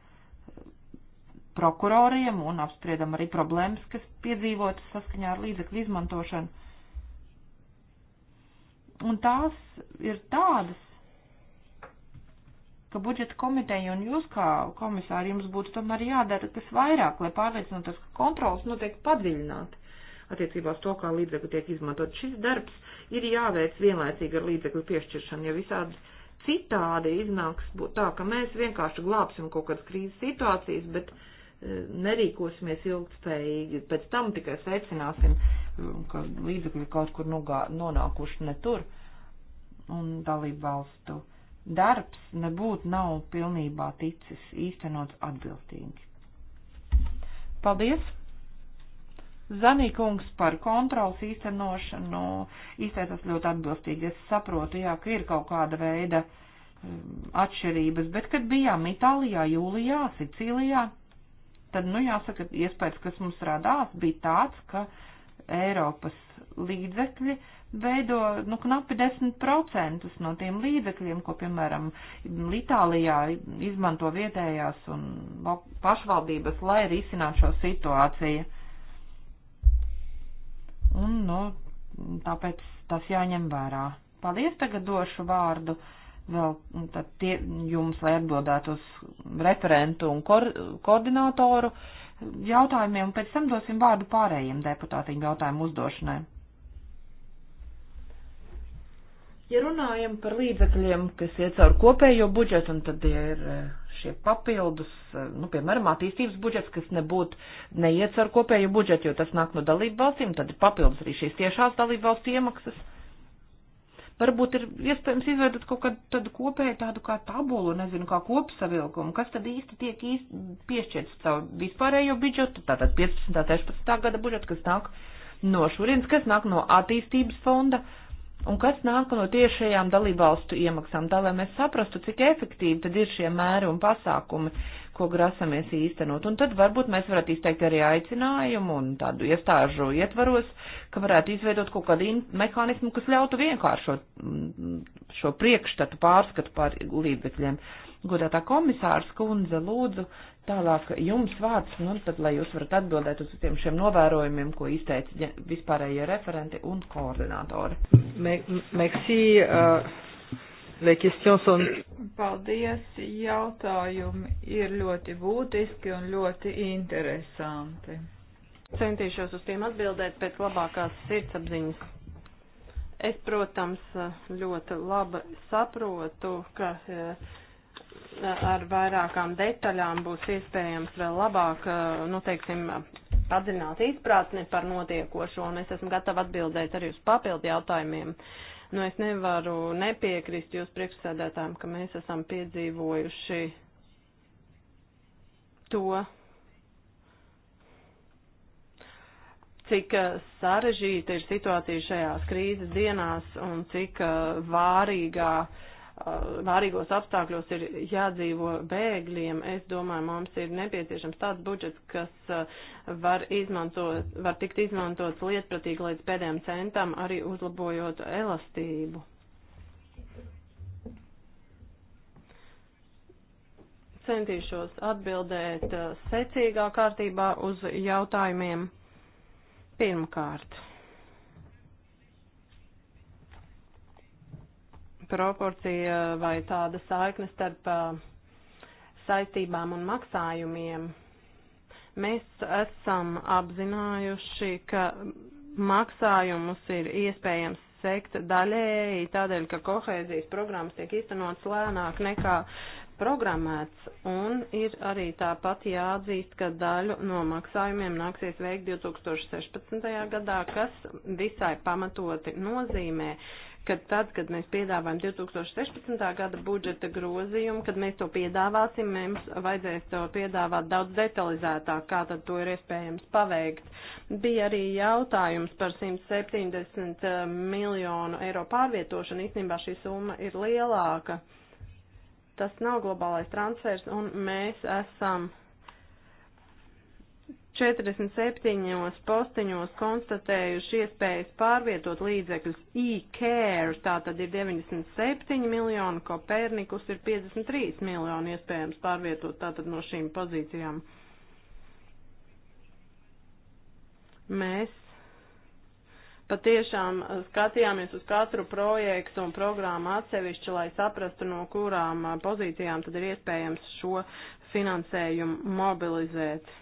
Speaker 3: prokuroriem un apspriedam arī problēmas, kas piedzīvotas saskaņā ar līdzekļu izmantošanu Un tās ir tādas, ka budžeta komiteja un jūs kā komisāri jums būtu tomēr jādara kas vairāk, lai pārliecinātos, ka kontrols notiek padziļināt attiecībā uz to, kā līdzekļi tiek izmantot. Šis darbs ir jāveic vienlaicīgi ar līdzekļu piešķiršanu, ja visādi citādi iznāks tā, ka mēs vienkārši glābsim kaut kādas krīzes situācijas, bet uh, nerīkosimies ilgspējīgi, pēc tam tikai secināsim, um, ka līdzekļi kaut kur nugā, nonākuši ne tur un dalību valstu darbs nebūtu nav pilnībā ticis īstenots atbilstīgi. Paldies! Zanīkungs par kontrols īstenošanu izteicās ļoti atbilstīgi. Es saprotu, jā, ka ir kaut kāda veida um, atšķirības, bet kad bijām Itālijā, Jūlijā, Sicīlijā, tad, nu, jāsaka, iespējas, kas mums radās, bija tāds, ka Eiropas līdzekļi veido, nu, knapi 10% no tiem līdzekļiem, ko, piemēram, Itālijā izmanto vietējās un pašvaldības, lai risinātu šo situāciju. Un, nu, tāpēc tas jāņem vērā. Paldies, tagad došu vārdu uh, vēl tad tie, jums, lai atbildētu uz referentu un ko, koordinātoru jautājumiem, un pēc tam dosim vārdu pārējiem deputātiem jautājumu uzdošanai. Ja runājam par līdzekļiem, kas iet caur kopējo budžetu, un tad ir eh, šie papildus, eh, nu, piemēram, attīstības budžets, kas nebūtu neiet caur kopējo budžetu, jo tas nāk no dalību valstīm, tad ir papildus arī šīs tiešās dalību valstu iemaksas. Varbūt ir iespējams izveidot kaut kādu tādu kopēju tādu kā tabulu, nezinu, kā kopsavilkumu, kas tad īsti tiek īsti piešķirts caur vispārējo budžetu, tātad 15. 16. gada budžetu, kas nāk no šurienes, kas nāk no attīstības fonda. Uh, un kas nāk no tiešajām dalībvalstu iemaksām, tā lai mēs saprastu, cik efektīvi tad ir šie mēri un pasākumi, ko grasamies īstenot. Un tad varbūt mēs varētu izteikt arī aicinājumu un tādu iestāžu ietvaros, ka varētu izveidot kaut kādu mehānismu, kas ļautu vienkāršot mm, šo priekšstatu pārskatu par līdzekļiem. Godātā komisārs kundze, lūdzu, Tālāk jums vārds, nu tad, lai jūs varat atbildēt uz tiem šiem novērojumiem, ko izteica vispārējie referenti un koordinātori. Merci, uh, les questions sont.
Speaker 2: Paldies, jautājumi ir ļoti būtiski un ļoti
Speaker 1: interesanti. Centīšos uz tiem atbildēt pēc labākās sirdsapziņas. Es, protams, ļoti labi saprotu, ka. Uh, ar vairākām detaļām būs iespējams vēl labāk, eh, nu, teiksim, padzināt izpratni par notiekošo, un es esmu gatava atbildēt arī uz papildu jautājumiem. Nu, es nevaru nepiekrist jūs priekšsēdētājiem, ka mēs esam piedzīvojuši to, cik eh, sarežģīta ir situācija šajās krīzes dienās un cik eh, vārīgā uh, vārīgos apstākļos ir jādzīvo bēgļiem. Es domāju, mums ir nepieciešams tāds budžets, kas var, izmantot, var tikt izmantots lietpratīgi līdz pēdējiem centam, arī uzlabojot elastību. Centīšos atbildēt secīgā kārtībā uz jautājumiem. Pirmkārt. proporcija vai tāda saikne starp uh, saistībām un maksājumiem. Mēs esam apzinājuši, ka maksājumus ir iespējams sekt daļēji tādēļ, ka kohēzijas programmas tiek īstenotas lēnāk nekā programmēts, un ir arī tāpat jāatzīst, ka daļu no maksājumiem nāksies veikt 2016. gadā, kas visai pamatoti nozīmē, ka tad, kad mēs piedāvājam 2016. gada budžeta grozījumu, kad mēs to piedāvāsim, mums vajadzēs to piedāvāt daudz detalizētāk, kā tad to ir iespējams paveikt. Bija arī jautājums par 170 eh, miljonu eiro pārvietošanu, īstenībā šī summa ir lielāka. Tas nav globālais transfers, un mēs esam 47 postiņos konstatējuši iespējas pārvietot līdzekļus e-care, tā tad ir 97 miljoni, Kopernikus ir 53 miljoni iespējams pārvietot tātad no šīm pozīcijām. Mēs patiešām skatījāmies uz katru projektu un programmu atsevišķi, lai saprastu, no kurām pozīcijām tad ir iespējams šo finansējumu mobilizēt.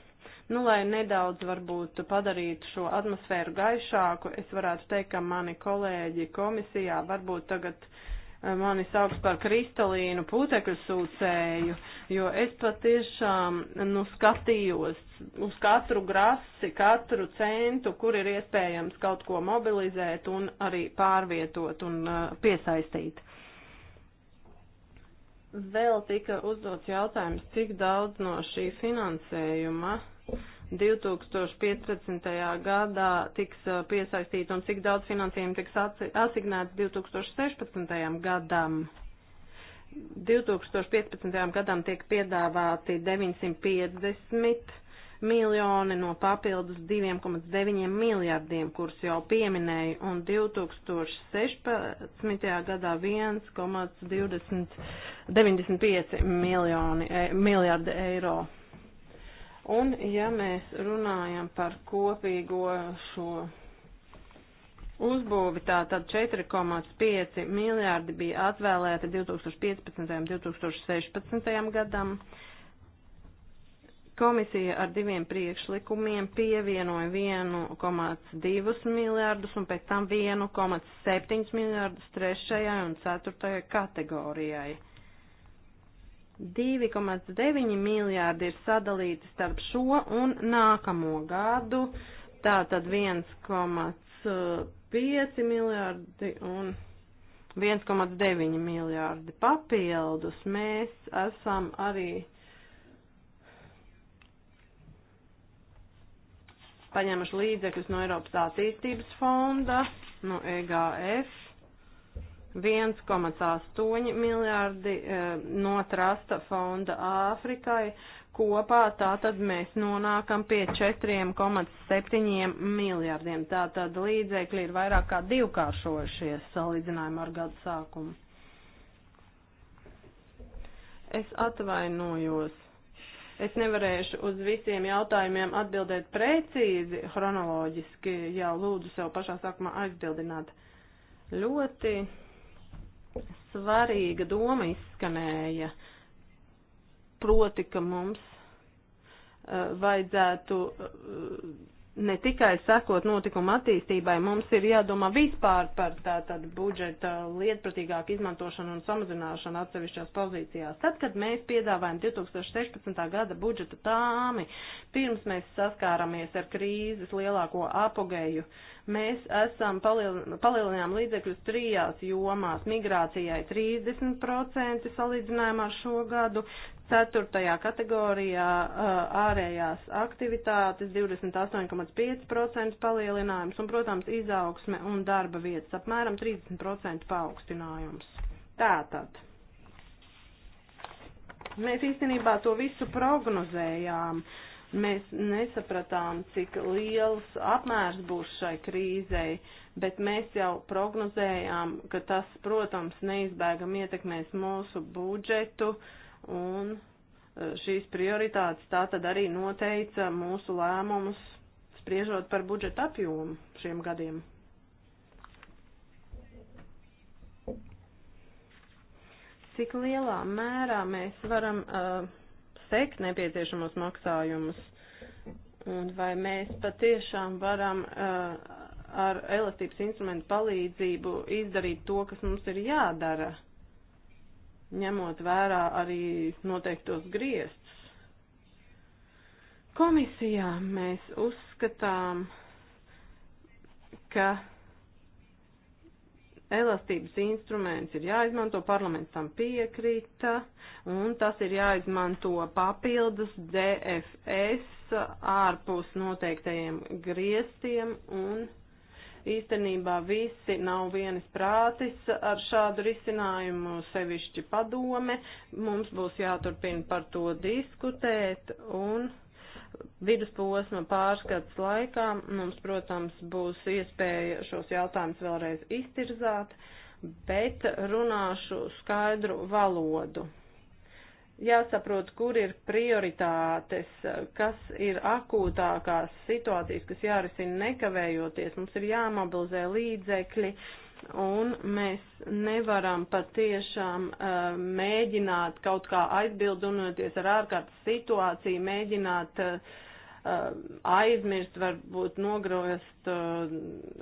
Speaker 1: Nu, lai nedaudz varbūt padarītu šo atmosfēru gaišāku, es varētu teikt, ka mani kolēģi komisijā varbūt tagad eh, mani sauc par kristalīnu putekļu sūcēju, jo es patiešām nu, skatījos uz katru grasi, katru centu, kur ir iespējams kaut ko mobilizēt un arī pārvietot un uh, piesaistīt. Vēl tika uzdots jautājums, cik daudz no šī finansējuma 2015. gadā tiks uh, piesaistīta un cik daudz finansējumu tiks asignēts 2016. gadam. 2015. gadam tiek piedāvāti 950 miljoni no papildus 2,9 miljardiem, kurus jau pieminēju, un 2016. gadā 1,95 miljoni e, miljardi eiro. Un, ja mēs runājam par kopīgo šo uzbūvi, tātad 4,5 miljārdi bija atvēlēti 2015. un 2016. gadam. Komisija ar diviem priekšlikumiem pievienoja 1,2 miljārdus un pēc tam 1,7 miljārdus trešajai un ceturtajai kategorijai. 2,9 miljārdi ir sadalīti starp šo un nākamo gadu, tātad 1,5 eh, miljārdi un 1,9 miljārdi papildus. Mēs esam arī paņemuši līdzekļus no Eiropas attīstības fonda, no EGF 1,8 miljārdi eh, no trasta fonda Āfrikai. Kopā tātad mēs nonākam pie 4,7 miljārdiem. Tātad līdzekļi ir vairāk kā divkāršojušies salīdzinājumā ar gadu sākumu. Es atvainojos. Es nevarēšu uz visiem jautājumiem atbildēt precīzi, chronoloģiski, jā, lūdzu sev pašā sākumā aizbildināt. Ļoti svarīga doma izskanēja, proti, ka mums eh, vajadzētu eh, ne tikai sekot notikuma attīstībai, mums ir jādomā vispār par tātad budžeta lietpratīgāku izmantošanu un samazināšanu atsevišķās pozīcijās. Tad, kad mēs piedāvājam 2016. gada budžeta tāmi, pirms mēs saskāramies ar krīzes lielāko apogēju, mēs esam palielinājām līdzekļus trijās jomās - migrācijai 30% salīdzinājumā ar šo gadu, Ceturtajā kategorijā ārējās aktivitātes 28,5% palielinājums un, protams, izaugsme un darba vietas apmēram 30% paaugstinājums. Tātad. Mēs īstenībā to visu prognozējām. Mēs nesapratām, cik liels apmērs būs šai krīzei, bet mēs jau prognozējām, ka tas, protams, neizbēgam ietekmēs mūsu budžetu. Uh, un e, šīs prioritātes tā tad arī noteica mūsu lēmumus, spriežot par budžeta apjomu šiem gadiem. Cik lielā mērā mēs varam uh, sekt nepieciešamos maksājumus, un vai mēs patiešām varam uh, ar elastības instrumentu palīdzību izdarīt to, kas mums ir jādara? Uh, ņemot vērā arī noteiktos griestus. Komisijā mēs uzskatām, ka elastības instruments ir jāizmanto, parlaments tam piekrita, un tas ir jāizmanto papildus DFS ārpus noteiktajiem griestiem un Īstenībā visi nav vienas prātis ar šādu risinājumu, sevišķi padome. Mums būs jāturpina par to diskutēt un vidusposma pārskats laikā mums, protams, būs iespēja šos jautājumus vēlreiz iztirzāt, bet runāšu skaidru valodu jāsaprot, kur ir prioritātes, kas ir akūtākās situācijas, kas jārisina nekavējoties. Mums ir jāmobilizē līdzekļi. Un mēs nevaram patiešām uh, mēģināt kaut kā aizbildinoties ar ārkārtas situāciju, mēģināt uh, Uh, aizmirst, varbūt nogrost uh,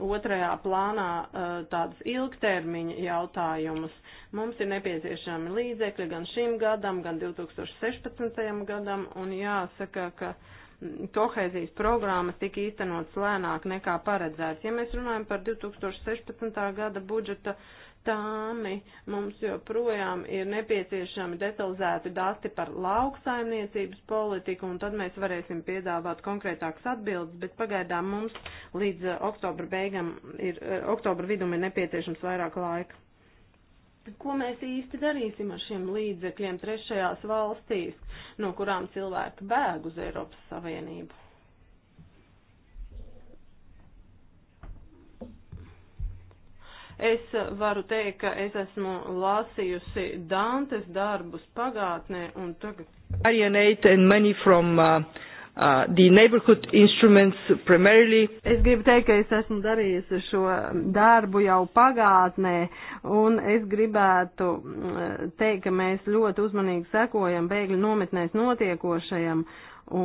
Speaker 1: otrajā plānā uh, tādus ilgtermiņa jautājumus. Mums ir nepieciešami līdzekļi gan šim gadam, gan 2016. gadam, un jāsaka, ka mm, kohēzijas programmas tika īstenotas lēnāk nekā paredzēts. Ja mēs runājam par 2016. gada budžeta uh, tāmi mums joprojām ir nepieciešami detalizēti dati par lauksaimniecības politiku, un tad mēs varēsim piedāvāt konkrētākas atbildes, bet pagaidām mums līdz eh, oktobra beigam ir, eh, oktobra vidum ir nepieciešams vairāk laika. Ko mēs īsti darīsim ar šiem līdzekļiem trešajās valstīs, no kurām cilvēki bēg uz Eiropas Savienību? Es varu teikt, ka es esmu lasījusi Dantes darbus pagātnē un tagad.
Speaker 2: Arionate and many from uh, Uh, the neighborhood instruments primarily.
Speaker 1: Es gribu teikt, ka es esmu darījusi šo darbu jau pagātnē, un es gribētu mm, teikt, ka mēs ļoti uzmanīgi sekojam bēgļu nometnēs notiekošajam,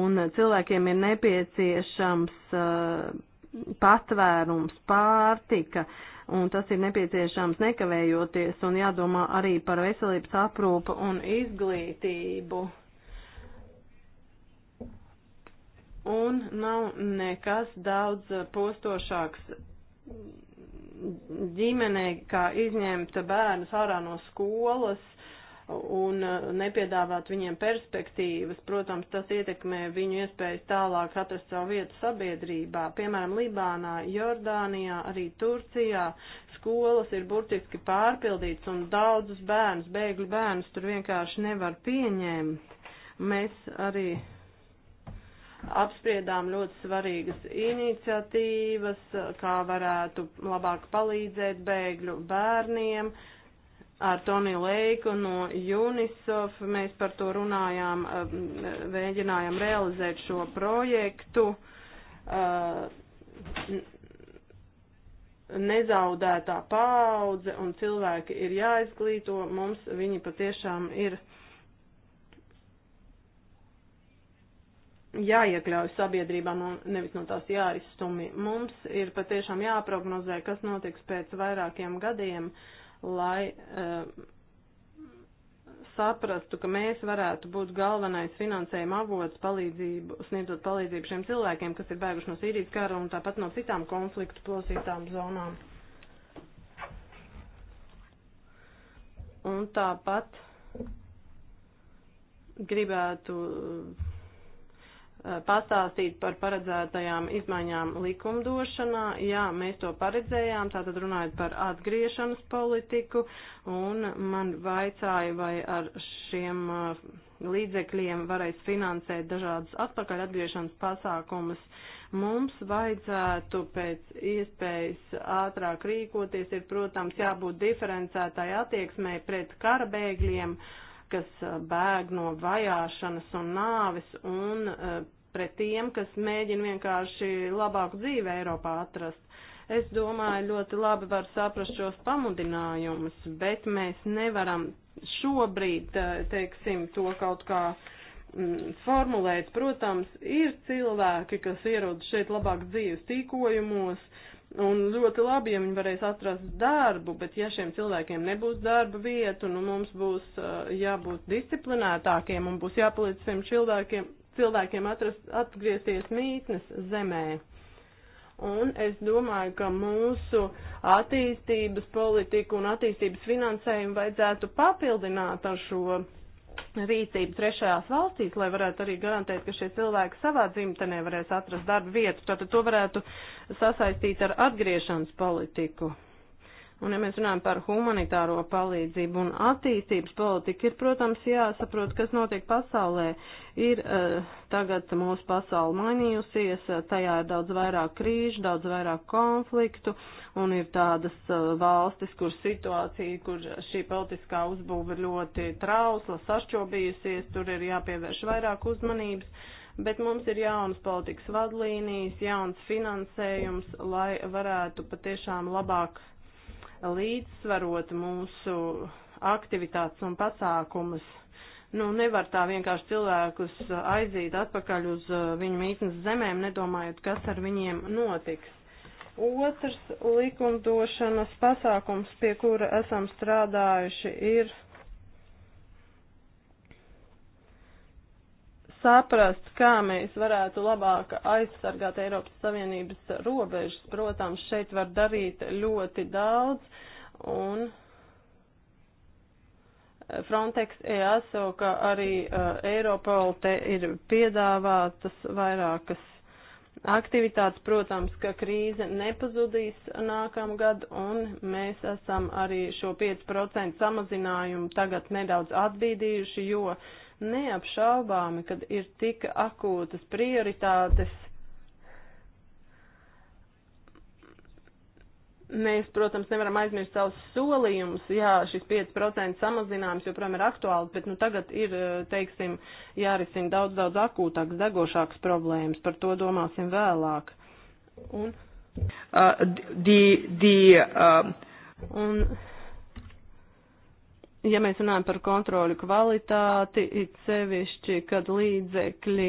Speaker 1: un cilvēkiem ir nepieciešams uh, patvērums, pārtika. Uh, un tas ir nepieciešams nekavējoties un jādomā arī par veselības aprūpu un izglītību. Un nav nekas daudz postošāks ģimenei, kā izņemt bērnus ārā no skolas un uh, nepiedāvāt viņiem perspektīvas, protams, tas ietekmē viņu iespējas tālāk atrast savu vietu sabiedrībā. Piemēram, Libānā, Jordānijā, arī Turcijā skolas ir burtiski pārpildīts un daudzus bērnus, bēgļu bērnus tur vienkārši nevar pieņemt. Mēs arī apspriedām ļoti svarīgas iniciatīvas, kā varētu labāk palīdzēt bēgļu bērniem. Uh, ar Toniju Leiku no UNICEF. Mēs par to runājām, um, mēģinājām realizēt šo projektu. Uh, nezaudētā paudze un cilvēki ir jāizglīto, mums viņi patiešām ir jāiekļauj sabiedrībā, no, nu, nevis no tās jāizstumj. Mums ir patiešām jāprognozē, kas notiks pēc vairākiem gadiem. Uh, lai eh, saprastu, ka mēs varētu būt galvenais finansējuma avots palīdzību, sniedzot palīdzību šiem cilvēkiem, kas ir bēguši no Sīrijas kara un tāpat no citām konfliktu plosītām zonām. Un tāpat gribētu Eh, pastāstīt par paredzētajām izmaiņām likumdošanā. Jā, mēs to paredzējām, tātad runājot par atgriešanas politiku, un man vaicāja, vai ar šiem eh, līdzekļiem varēs finansēt dažādas atpakaļ atgriešanas pasākumus. Mums vajadzētu pēc iespējas ātrāk rīkoties, ir, protams, jābūt diferencētai attieksmei pret karabēgļiem, kas eh, bēg no vajāšanas un nāves, un pret tiem, kas mēģina vienkārši labāku dzīvi Eiropā atrast. Es domāju, ļoti labi var saprast šos pamudinājumus, bet mēs nevaram šobrīd, eh, teiksim, to kaut kā mm, formulēt. Protams, ir cilvēki, kas ierodas šeit labāk dzīves tīkojumos, Un ļoti labi, ja viņi varēs atrast darbu, bet ja šiem cilvēkiem nebūs darba vietu, nu mums būs uh, jābūt disciplinētākiem un būs jāpalīdz šiem cilvēkiem, cilvēkiem atrast, atgriezties mītnes zemē. Un es domāju, ka mūsu attīstības politiku un attīstības finansējumu vajadzētu papildināt ar šo rīcību trešajās valstīs, lai varētu arī garantēt, ka šie cilvēki savā dzimtenē varēs atrast darbu vietu. Tātad to varētu sasaistīt ar atgriešanas politiku. Un, ja mēs runājam par humanitāro palīdzību un attīstības politiku, ir, protams, jāsaprot, kas notiek pasaulē. Ir uh, tagad mūsu pasauli mainījusies, tajā ir daudz vairāk krīžu, daudz vairāk konfliktu, un ir tādas uh, valstis, kur situācija, kur šī politiskā uzbūve ļoti trausla, sašķobījusies, tur ir jāpievērš vairāk uzmanības. Bet mums ir jaunas politikas vadlīnijas, jauns finansējums, lai varētu patiešām labāk līdzsvarot mūsu aktivitātes un pasākumus. Nu, nevar tā vienkārši cilvēkus aizīt atpakaļ uz uh, viņu mītnes zemēm, nedomājot, kas ar viņiem notiks. Otrs likumdošanas pasākums, pie kura esam strādājuši, ir saprast, kā mēs varētu labāk aizsargāt Eiropas Savienības robežas. Protams, šeit var darīt ļoti daudz un Frontex EASO, kā arī uh, Eiropol te ir piedāvātas vairākas aktivitātes, protams, ka krīze nepazudīs nākamgad, un mēs esam arī šo 5% samazinājumu tagad nedaudz atbīdījuši, jo uh, Neapšaubāmi, kad ir tik akūtas prioritātes, mēs, protams, nevaram aizmirst savus solījumus. Jā, šis 5% samazinājums joprojām ir aktuāls, bet nu, tagad ir, teiksim, jārisina daudz, daudz akūtāks, degošāks problēmas. Par to domāsim vēlāk. Un,
Speaker 2: uh, the, the,
Speaker 1: uh... un ja mēs runājam par kontroli kvalitāti, it sevišķi, kad līdzekļi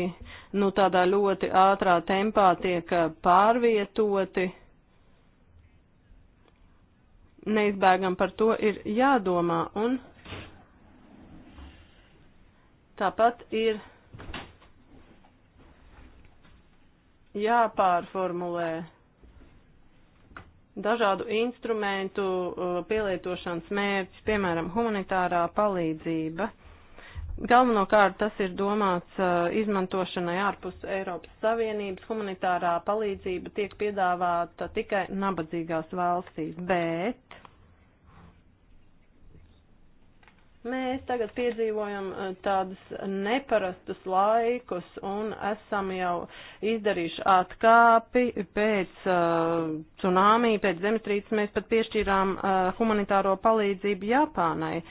Speaker 1: nu, tādā ļoti ātrā tempā tiek pārvietoti, neizbēgam par to ir jādomā. Un tāpat ir jāpārformulē dažādu instrumentu uh, pielietošanas mērķis, piemēram, humanitārā palīdzība. Galvenokārt tas ir domāts uh, izmantošanai ārpus Eiropas Savienības. Humanitārā palīdzība tiek piedāvāta tikai nabadzīgās valstīs, bet Mēs tagad piedzīvojam e, tādus neparastus laikus un esam jau izdarījuši atkāpi pēc uh, e, tsunami, pēc zemestrīces. Mēs pat piešķīrām uh, humanitāro palīdzību Japānai.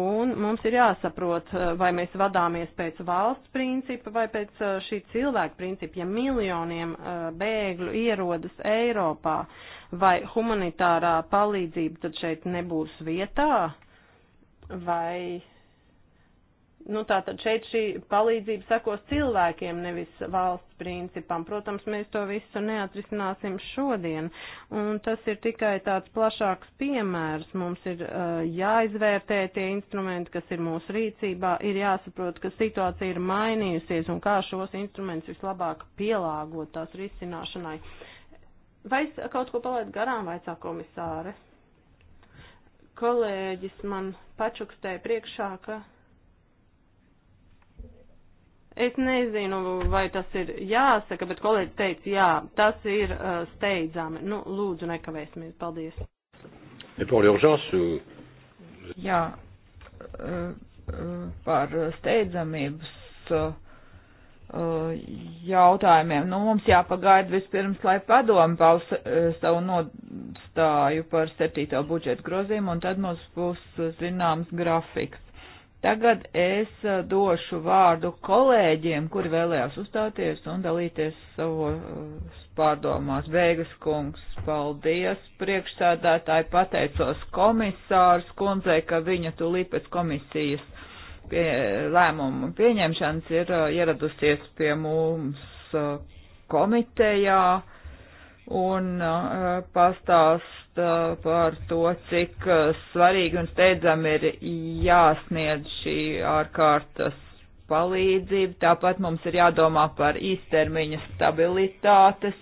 Speaker 1: Un mums ir jāsaprot, vai mēs vadāmies pēc valsts principa vai pēc šī cilvēka principa, ja miljoniem bēgļu ierodas Eiropā, vai humanitārā palīdzība tad šeit nebūs vietā? Vai Nu, tātad šeit šī palīdzība sekos cilvēkiem, nevis valsts principam. Protams, mēs to visu neatrisināsim šodien. Un tas ir tikai tāds plašāks piemērs. Mums ir uh, jāizvērtē tie instrumenti, kas ir mūsu rīcībā, ir jāsaprot, ka situācija ir mainījusies un kā šos instrumentus vislabāk pielāgot tās risināšanai. Vai es kaut ko palaidu garām, vaicā komisāre? kolēģis man pačukstēja priekšā, ka es nezinu, vai tas ir jāsaka, bet kolēģis teica, jā, tas ir uh, steidzami. Nu, lūdzu, nekavēsimies. Paldies.
Speaker 2: Jā, uh, uh, par steidzamības uh, Uh, jautājumiem. Nu, mums jāpagaida vispirms, lai padomu paus uh, savu nostāju par septīto budžetu grozījumu, un tad mums būs uh, zināms grafiks. Tagad es došu vārdu kolēģiem, kuri vēlējās uzstāties un dalīties savos pārdomās. Beigas kungs, paldies priekšsādātāji, pateicos komisārs kundzei, ka viņa tūlīt pēc komisijas pie, lēmumu pieņemšanas ir uh, ieradusies pie mums uh, komitejā un uh, pastāst par to, cik svarīgi un steidzam ir jāsniedz šī ārkārtas palīdzība. Tāpat mums ir jādomā par īstermiņa stabilitātes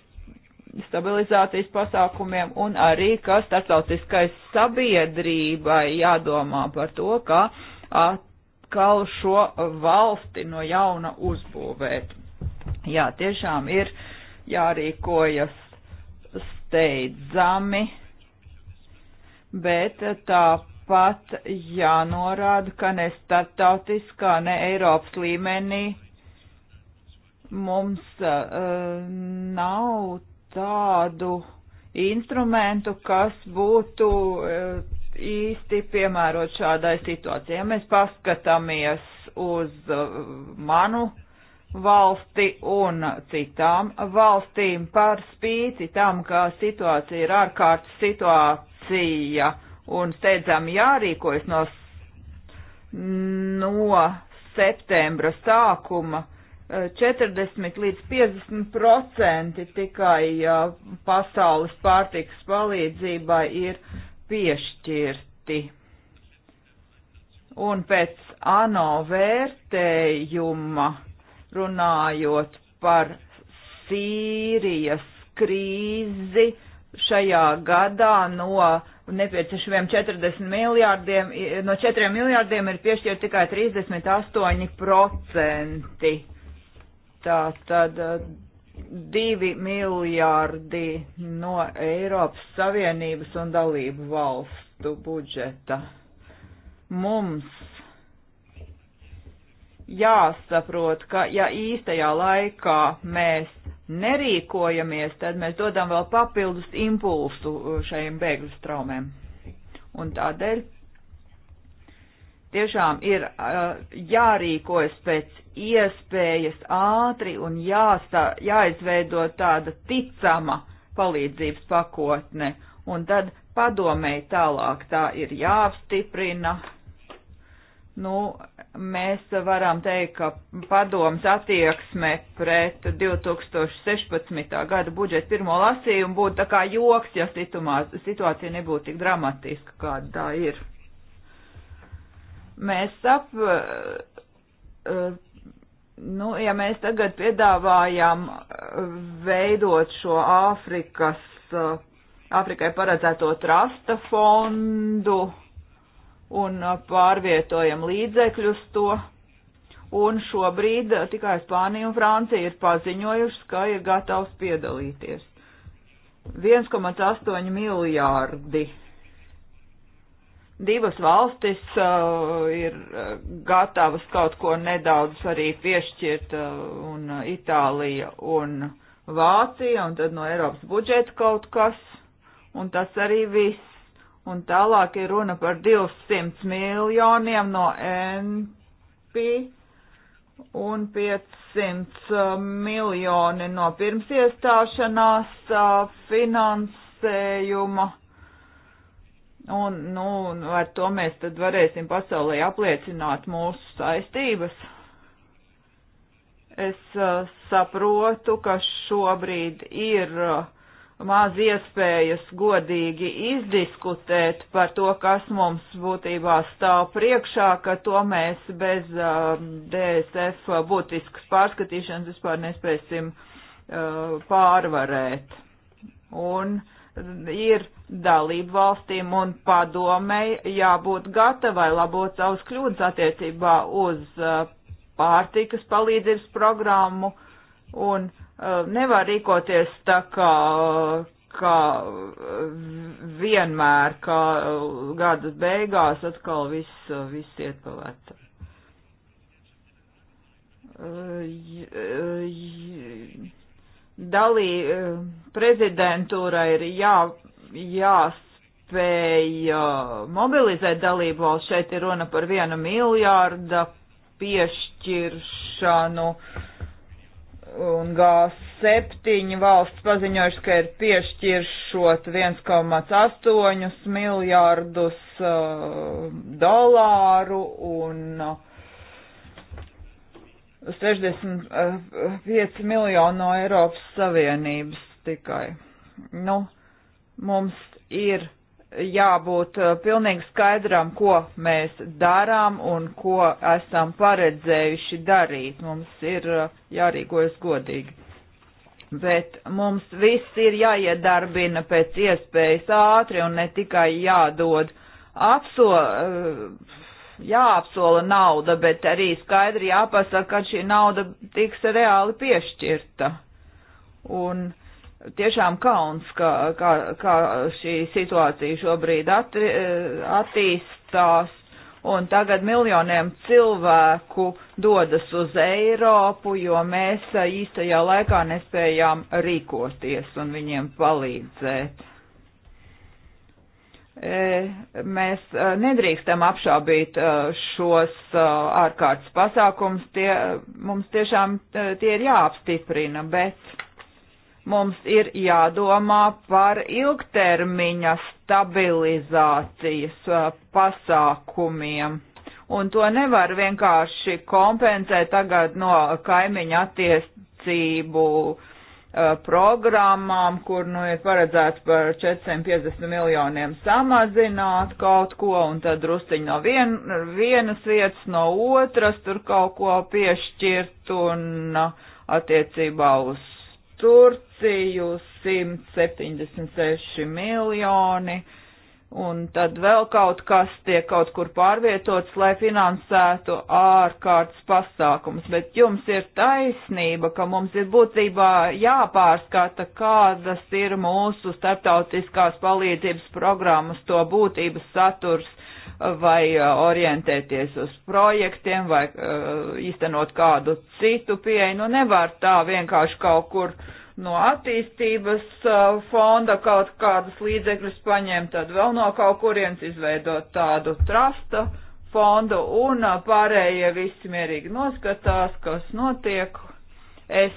Speaker 2: stabilizācijas pasākumiem un arī, ka starptautiskai sabiedrībai jādomā par to, ka at, atkal šo valsti no jauna uzbūvēt. Jā, tiešām ir jārīkojas steidzami, bet tāpat jānorāda, ka ne startautiskā, ne Eiropas līmenī mums uh, nav tādu instrumentu, kas būtu uh, īsti piemērot šādai situācijai. Ja mēs paskatāmies uz uh, manu valsti un citām valstīm par spīti tam, ka situācija ir ārkārtas situācija un steidzami jārīkojas no, no septembra sākuma. 40 uh, līdz 50 procenti tikai uh, pasaules pārtikas palīdzībai ir piešķirti. Un pēc ANO vērtējuma runājot par Sīrijas krīzi šajā gadā no nepieciešamiem 40 miljārdiem, no 4 miljārdiem ir piešķirt tikai 38%. Tā tad divi miljārdi no Eiropas Savienības un dalību valstu budžeta. Mums jāsaprot, ka ja īstajā laikā mēs nerīkojamies, tad mēs dodam vēl papildus impulsu uh, šajiem bēgļu straumēm. Un tādēļ tiešām ir uh, jārīkojas pēc iespējas ātri un jāstā, jāizveido tāda ticama palīdzības pakotne, un tad padomēji tālāk tā ir jāapstiprina. Nu, mēs varam teikt, ka padoms attieksme pret 2016. gada budžetu pirmo lasījumu būtu tā kā joks, ja situmās, situācija nebūtu tik dramatiska, kāda tā ir mēs ap, eh, eh, nu, ja mēs tagad piedāvājam eh, veidot šo Āfrikas, Āfrikai paredzēto trasta fondu un pārvietojam līdzekļus to, un šobrīd tikai Spānija un Francija ir paziņojušas, ka ir gatavs piedalīties. 1,8 miljārdi divas valstis uh, ir uh, gatavas kaut ko nedaudz arī piešķirt, uh, un uh, Itālija un Vācija, un tad no Eiropas budžeta kaut kas, un tas arī viss. Un tālāk ir runa par 200 miljoniem no NP un 500 uh, miljoni no pirmsiestāšanās finansējuma Un, nu, ar to mēs tad varēsim pasaulē apliecināt mūsu saistības. Es uh, saprotu, ka šobrīd ir uh, maz iespējas godīgi izdiskutēt par to, kas mums būtībā stāv priekšā, ka to mēs bez uh, DSF būtiskas pārskatīšanas vispār nespēsim uh, pārvarēt. Un uh, ir dalību valstīm un padomei jābūt gatavai labot savus kļūdas attiecībā uz uh, pārtikas palīdzības programmu un uh, nevar rīkoties tā kā, kā vienmēr, kā uh, gadas beigās atkal viss, viss iet pa vecam. Uh, uh, uh, dalī e, prezidentūra ir jā, jāspēj e, mobilizēt dalību valsts. Šeit ir runa par vienu miljārda piešķiršanu. Un G7 valsts paziņojuši, ka ir piešķiršot 1,8 miljārdus uh, dolāru un uh, 65 eh, miljonu no Eiropas Savienības tikai. Nu, mums ir jābūt eh, pilnīgi skaidram, ko mēs darām un ko esam paredzējuši darīt. Mums ir eh, jārīkojas godīgi. Bet mums viss ir jāiedarbina pēc iespējas ātri un ne tikai jādod apso, jāapsola nauda, bet arī skaidri jāpasaka, ka šī nauda tiks reāli piešķirta. Un tiešām kauns, ka, ka, ka šī situācija šobrīd atri, attīstās, un tagad miljoniem cilvēku dodas uz Eiropu, jo mēs īstajā laikā nespējām rīkoties un viņiem palīdzēt. E, mēs e, nedrīkstam apšaubīt e, šos ārkārtas pasākums, tie, mums tiešām tie ir jāapstiprina, bet mums ir jādomā par ilgtermiņa stabilizācijas pasākumiem. Un to nevar vienkārši kompensēt tagad no kaimiņa attiecību uh, Uh, programmām, kur nu ir paredzēts par 450 miljoniem samazināt kaut ko un tad drusciņi no vien, vienas vietas, no otras tur kaut ko piešķirt un uh, attiecībā uz Turciju 176 miljoni. Uh, un tad vēl kaut kas tiek kaut kur pārvietots, lai finansētu ārkārtas pasākums. Bet jums ir taisnība, ka mums ir būtībā jāpārskata, kādas ir mūsu starptautiskās palīdzības programmas, to būtības saturs, vai uh, orientēties uz projektiem, vai uh, īstenot kādu citu pieeju. Nu, nevar tā vienkārši kaut kur uh, no attīstības uh, fonda kaut kādus līdzekļus paņemt, tad vēl no kaut kurienes izveidot tādu trasta fondu un uh, pārējie visi mierīgi noskatās, kas notiek. Es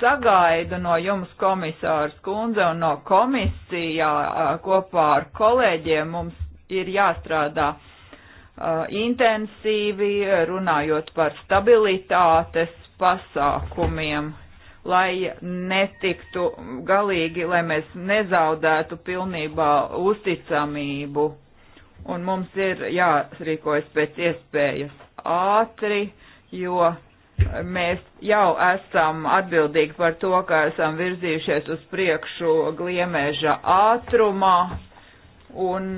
Speaker 2: sagaidu no jums komisārs kundze un no komisijā uh, kopā ar kolēģiem mums ir jāstrādā intensīvi, runājot par stabilitātes pasākumiem lai netiktu galīgi, lai mēs nezaudētu pilnībā uzticamību. Un mums ir jārīkojas pēc iespējas ātri, jo mēs jau esam atbildīgi par to, ka esam virzījušies uz priekšu gliemeža ātrumā un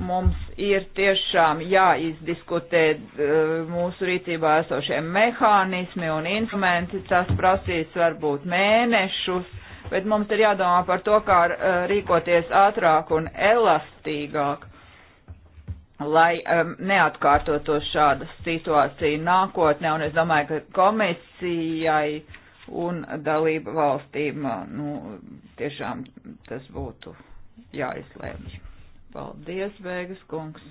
Speaker 2: mums ir tiešām jāizdiskutē eh, mūsu rīcībā esošie mehānismi un instrumenti. Tas prasīs varbūt mēnešus, bet mums ir jādomā par to, kā eh, rīkoties ātrāk un elastīgāk, lai neatkārtotos šāda situācija nākotnē. Un es domāju, ka komisijai un dalību valstīm eh, nu, tiešām tas būtu jāizlēmj. Paldies, Bēgas kungs.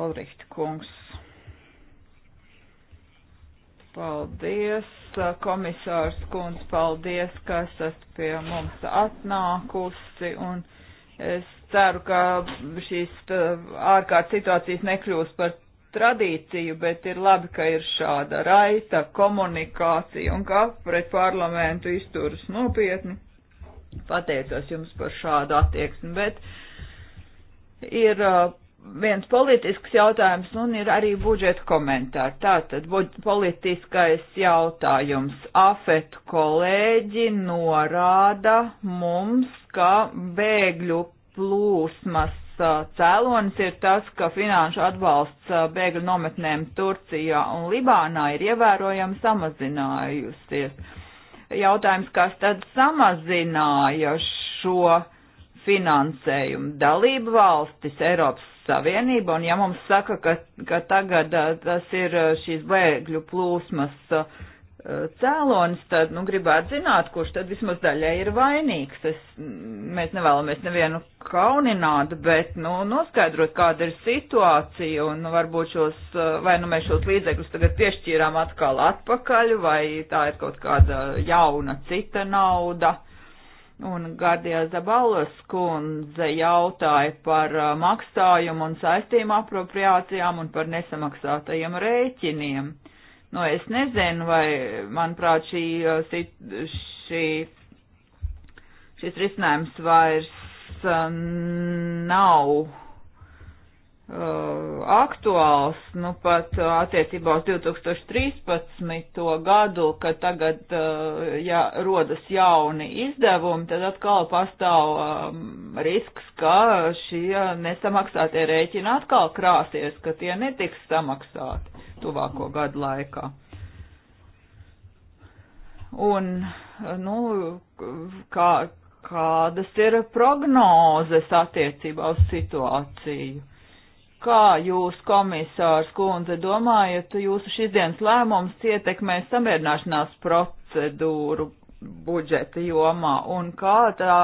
Speaker 2: Olricht kungs. Paldies, komisārs kungs, paldies, ka esat pie mums atnākusi un es ceru, ka šīs ārkārtas situācijas nekļūs par tradīciju, bet ir labi, ka ir šāda raita komunikācija un ka pret parlamentu izturas nopietni pateicos jums par šādu attieksmi, bet ir uh, viens politisks jautājums un ir arī budžeta komentāri. Tātad politiskais jautājums. Afet kolēģi norāda mums, ka bēgļu plūsmas uh, cēlonis ir tas, ka finanšu atbalsts uh, bēgļu nometnēm Turcijā un Libānā ir ievērojami samazinājusies jautājums, kas tad samazināja šo finansējumu. Dalību valstis, Eiropas Savienība, un ja mums saka, ka, ka tagad tas ir šīs bēgļu plūsmas cēlonis, tad, nu, gribētu zināt, kurš tad vismaz daļai ir vainīgs. Es, mēs nevēlamies nevienu kaunināt, bet, nu, noskaidrot, kāda ir situācija, un nu, varbūt šos, vai nu mēs šos līdzekļus tagad piešķīrām atkal atpakaļ, vai tā ir kaut kāda jauna cita nauda. Un Gardijā Zabalas kundze jautāja par uh, maksājumu un saistījumu apropriācijām un par nesamaksātajiem rēķiniem Nu, es nezinu, vai, manuprāt, šī, uh, šī, šis risinājums vairs uh, nav uh, aktuāls, nu pat uh, attiecībā uz 2013. gadu, kad tagad, uh, ja rodas jauni izdevumi, tad atkal pastāv um, risks, ka šie nesamaksātie rēķini atkal krāsies, ka tie netiks samaksāti tuvāko gadu laikā. Un, nu, kā, kādas ir prognozes attiecībā uz situāciju? Kā jūs, komisārs kundze, domājat, jūsu šīs dienas lēmums ietekmēs samierināšanās procedūru budžeta jomā un kā, tā,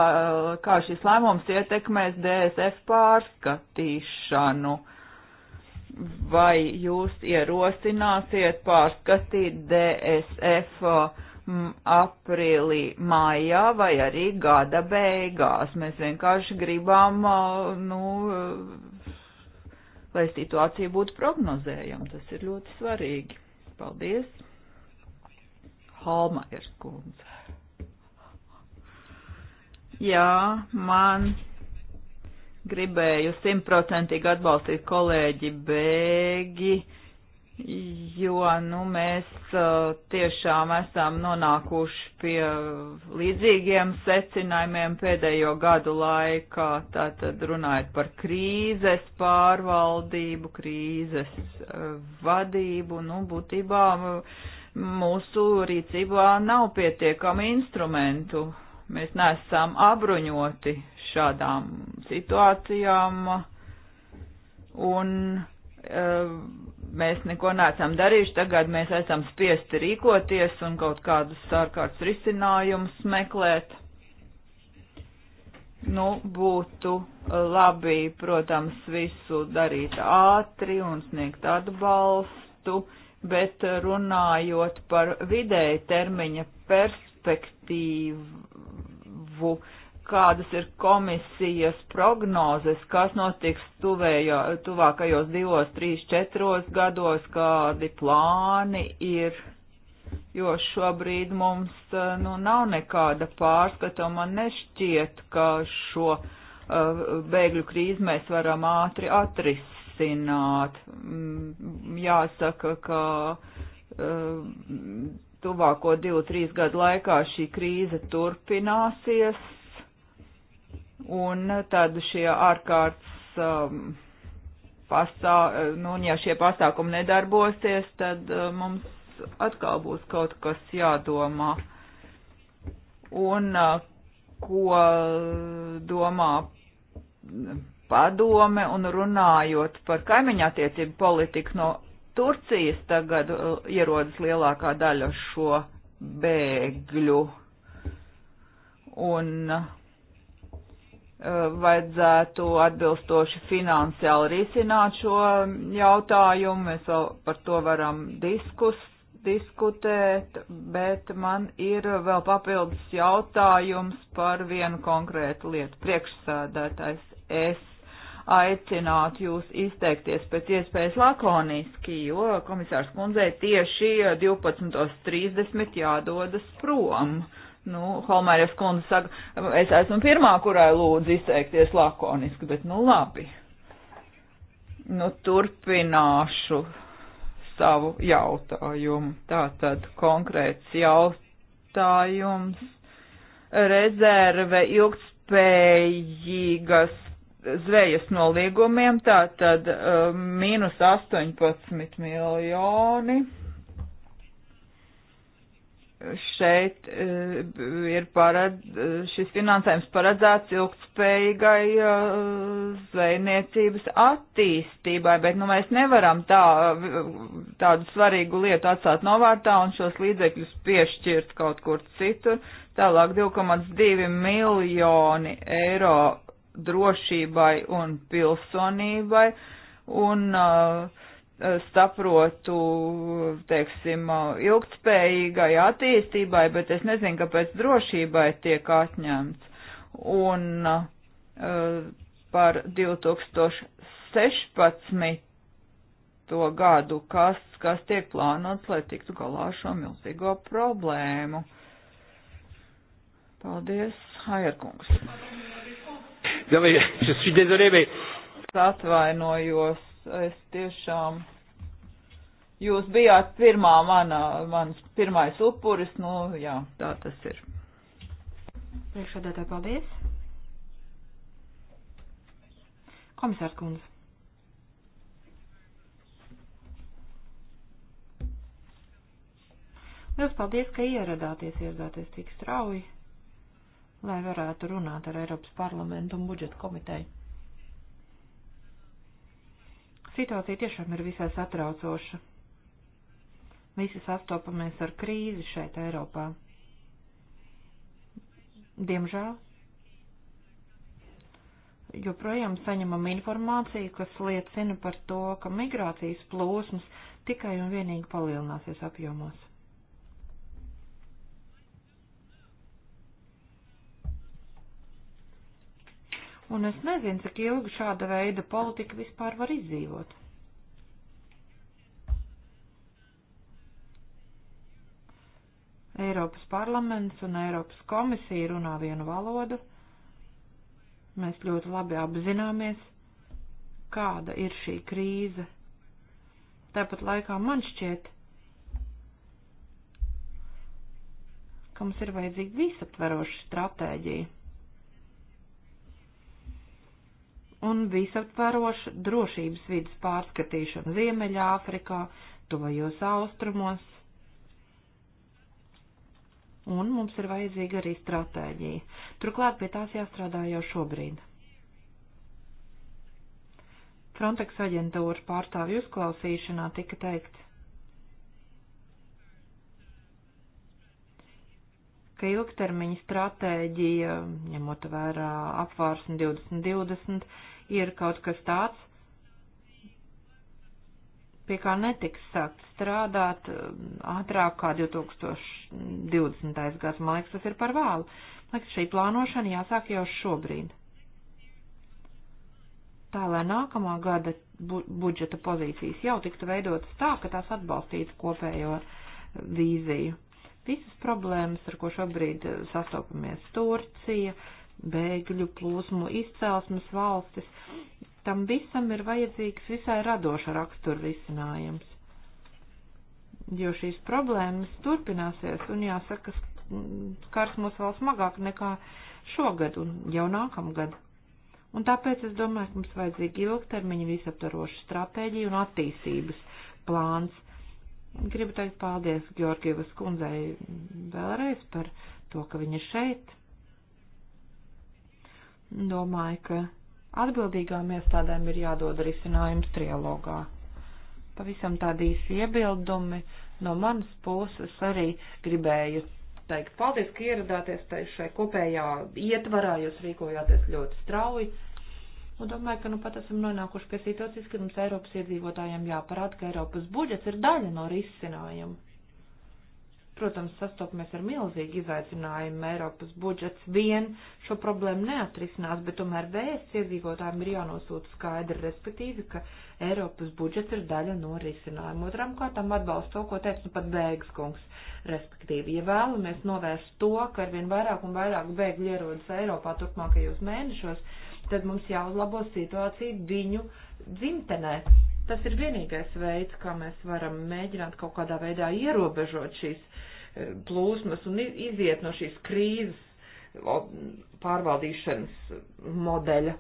Speaker 2: kā šis lēmums ietekmēs DSF pārskatīšanu? vai jūs ierosināsiet pārskatīt DSF mm, aprīlī, maijā vai arī gada beigās. Mēs vienkārši gribam, uh, nu, uh, lai situācija būtu prognozējama. Tas ir ļoti svarīgi. Paldies. Halma ir kundze. Jā, man gribēju simtprocentīgi atbalstīt kolēģi Bēgi, jo nu, mēs uh, tiešām esam nonākuši pie līdzīgiem secinājumiem pēdējo gadu laikā, tātad runājot par krīzes pārvaldību, krīzes uh, vadību, nu, būtībā uh, mūsu rīcībā nav pietiekami instrumentu Mēs neesam apbruņoti šādām situācijām un eh, mēs neko neesam darījuši, tagad mēs esam spiesti rīkoties un kaut kādus ārkārtas risinājumus meklēt. Nu, būtu labi, protams, visu darīt ātri un sniegt atbalstu, bet runājot par vidēji termiņa perspektīvu, galvu, kādas ir komisijas prognozes, kas notiks tuvējā, tuvākajos divos, trīs, četros gados, kādi plāni ir, jo šobrīd mums nu, nav nekāda pārskata, un man nešķiet, ka šo uh, bēgļu krīzi mēs varam ātri atrisināt. Mm, jāsaka, ka. Uh, tuvāko 2-3 gadu laikā šī krīze turpināsies, un tad šie ārkārtas um, pasā, nu, un ja šie pasākumi nedarbosies, tad uh, mums atkal būs kaut kas jādomā. Un uh, ko domā padome un runājot par kaimiņu attiecību politiku no Turcijas tagad uh, ierodas lielākā daļa šo bēgļu. Un uh, vajadzētu atbilstoši finansiāli risināt šo jautājumu. Mēs vēl par to varam diskus, diskutēt, bet man ir vēl papildus jautājums par vienu konkrētu lietu. Priekšsādātājs es aicinātu jūs izteikties pēc iespējas lakoniski, jo komisārs kundzei tieši 12.30 jādodas prom. Nu, Holmēras kundze saka, es esmu pirmā, kurai lūdzu izteikties lakoniski, bet nu labi. Nu, turpināšu savu jautājumu. Tātad konkrēts jautājums. Rezerve ilgspējīgas zvejas nolīgumiem, tātad uh, mīnus 18 miljoni. Šeit uh, ir pared, šis finansējums paredzēts ilgtspējīgai uh, zvejniecības attīstībai, bet nu, mēs nevaram tā, tādu svarīgu lietu atstāt novārtā un šos līdzekļus piešķirt kaut kur citur. Tālāk 2,2 miljoni eiro drošībai un pilsonībai un uh, saprotu, teiksim, uh, ilgtspējīgai attīstībai, bet es nezinu, kāpēc drošībai tiek atņemts. Un uh, par 2016. gadu, kas, kas tiek plānots, lai tiktu galā ar šo milzīgo problēmu. Paldies, Hajerkungs.
Speaker 3: Nu, es
Speaker 2: atvainojos, es tiešām. Jūs bijāt pirmā mana, mans pirmais upuris, nu jā, tā tas ir. Priekšādātāji, paldies.
Speaker 3: Komisārs Kundze. Liels paldies, ka ieradāties, ieradāties tik strauji lai varētu runāt ar Eiropas parlamentu un budžeta komiteju. Situācija tiešām ir visai satraucoša. Visi sastopamies ar krīzi šeit Eiropā. Diemžēl joprojām saņemam informāciju, kas liecina par to, ka migrācijas plūsmas tikai un vienīgi palielināsies apjomos. un es nezinu, cik ilgi šāda veida politika vispār var izdzīvot. Eiropas parlaments un Eiropas komisija runā vienu valodu. Mēs ļoti labi apzināmies, kāda ir šī krīze. Tāpat laikā man šķiet, ka mums ir vajadzīga visaptveroša stratēģija. un visaptvaroša drošības vidas pārskatīšana Ziemeļāfrikā, tuvajos austrumos. Un mums ir vajadzīga arī stratēģija. Turklāt pie tās jāstrādā jau šobrīd. Frontex aģentūra pārstāvju uzklausīšanā tika teikt, ka ilgtermiņa stratēģija, ņemot vērā apvārsni 2020, ir kaut kas tāds, pie kā netiks sākt strādāt um, ātrāk kā 2020. gads. Man liekas, tas ir par vēlu. Man liekas, šī plānošana jāsāk jau šobrīd. Tā lai nākamā gada bu budžeta pozīcijas jau tiktu veidotas tā, ka tās atbalstītu kopējo um, vīziju. Visas problēmas, ar ko šobrīd uh, sastopamies, Turcija, uh, bēgļu plūsmu izcelsmes valstis. Tam visam ir vajadzīgs visai radoša rakstura risinājums. Jo šīs problēmas turpināsies un jāsaka, kārs mūs vēl smagāk nekā šogad un jau nākamgad. Un tāpēc es domāju, ka mums vajadzīga ilgtermiņa visaptaroša stratēģija un attīstības plāns. Gribu teikt paldies Georgievas kundzei vēlreiz par to, ka viņa šeit Domāju, ka atbildīgām iestādēm ir jādod risinājums trialogā. Pavisam tādi īsi iebildumi no manas puses arī gribēju teikt paldies, ka ieradāties šai kopējā ietvarā, jūs rīkojāties ļoti strauji. Un domāju, ka nu pat esam nonākuši pie situācijas, kad mums Eiropas iedzīvotājiem jāparāda, ka Eiropas budžets ir daļa no risinājuma Protams, sastopamies ar milzīgu izaicinājumu. Eiropas budžets vien šo problēmu neatrisinās, bet tomēr vēsts iedzīvotājiem ir jānosūta skaidri, respektīvi, ka Eiropas budžets ir daļa no risinājuma. Otram kārtām atbalstu to, ko teica nu pat bēgas kungs. Respektīvi, ja vēlamies novērst to, ka arvien vairāk un vairāk bēgļu ierodas Eiropā turpmākajos mēnešos, tad mums jāuzlabo situācija viņu dzimtenē. Tas ir vienīgais veids, kā mēs varam mēģināt kaut kādā veidā ierobežot šīs Eh, plūsmas un iziet no šīs krīzes pārvaldīšanas modeļa.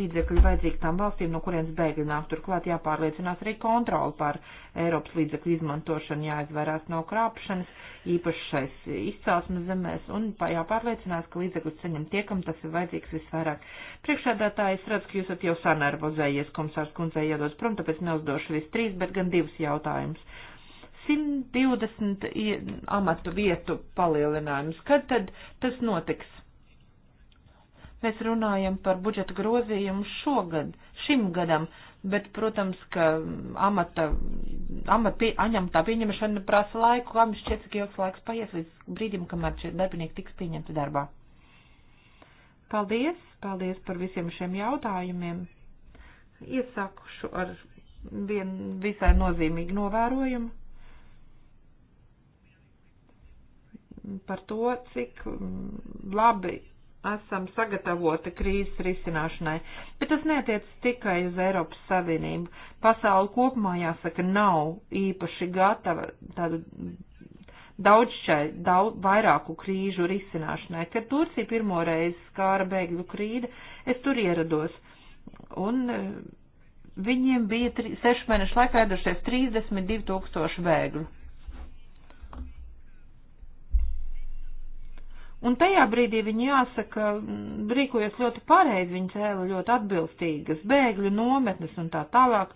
Speaker 3: Līdzekļi vajadzīgi tām valstīm, no kurienes bēgļi nāk. Turklāt jāpārliecinās arī kontroli pār Eiropas līdzekļu izmantošanu, jāizvairās no krāpšanas, īpašais izcelsmes zemēs un jāpārliecinās, ka līdzekļus saņem tie, kam tas ir vajadzīgs visvairāk. Priekšādātāji, es redzu, ka jūs esat jau sanervozējies, komisārs kundzei iedos prom, tāpēc neuzdošu visu trīs, bet gan divus jautājumus. 120 amatu vietu palielinājums. Kad tad tas notiks? Mēs runājam par budžeta grozījumu šogad, šim gadam, bet, protams, ka amata, amata pie, aņemtā pieņemšana prasa laiku, kam šķiet, cik ilgs laiks paies līdz brīdim, kamēr šie darbinieki tiks pieņemti darbā. Paldies, paldies par visiem šiem jautājumiem. Iesākušu ar vienu visai nozīmīgu novērojumu par to, cik labi esam sagatavoti krīzes risināšanai. Bet tas netiec tikai uz Eiropas Savienību. Pasauli kopumā jāsaka nav īpaši gatava tādu daudz šai, daudz vairāku krīžu risināšanai. Kad Turcija pirmo reizi skāra bēgļu krīde, es tur ierados. Un eh, viņiem bija 6 mēnešu laikā ieradušies 32 tūkstoši bēgļu. Un tajā brīdī viņi jāsaka, mm, rīkojas ļoti pareizi, viņi cēla ļoti atbilstīgas bēgļu nometnes un tā tālāk.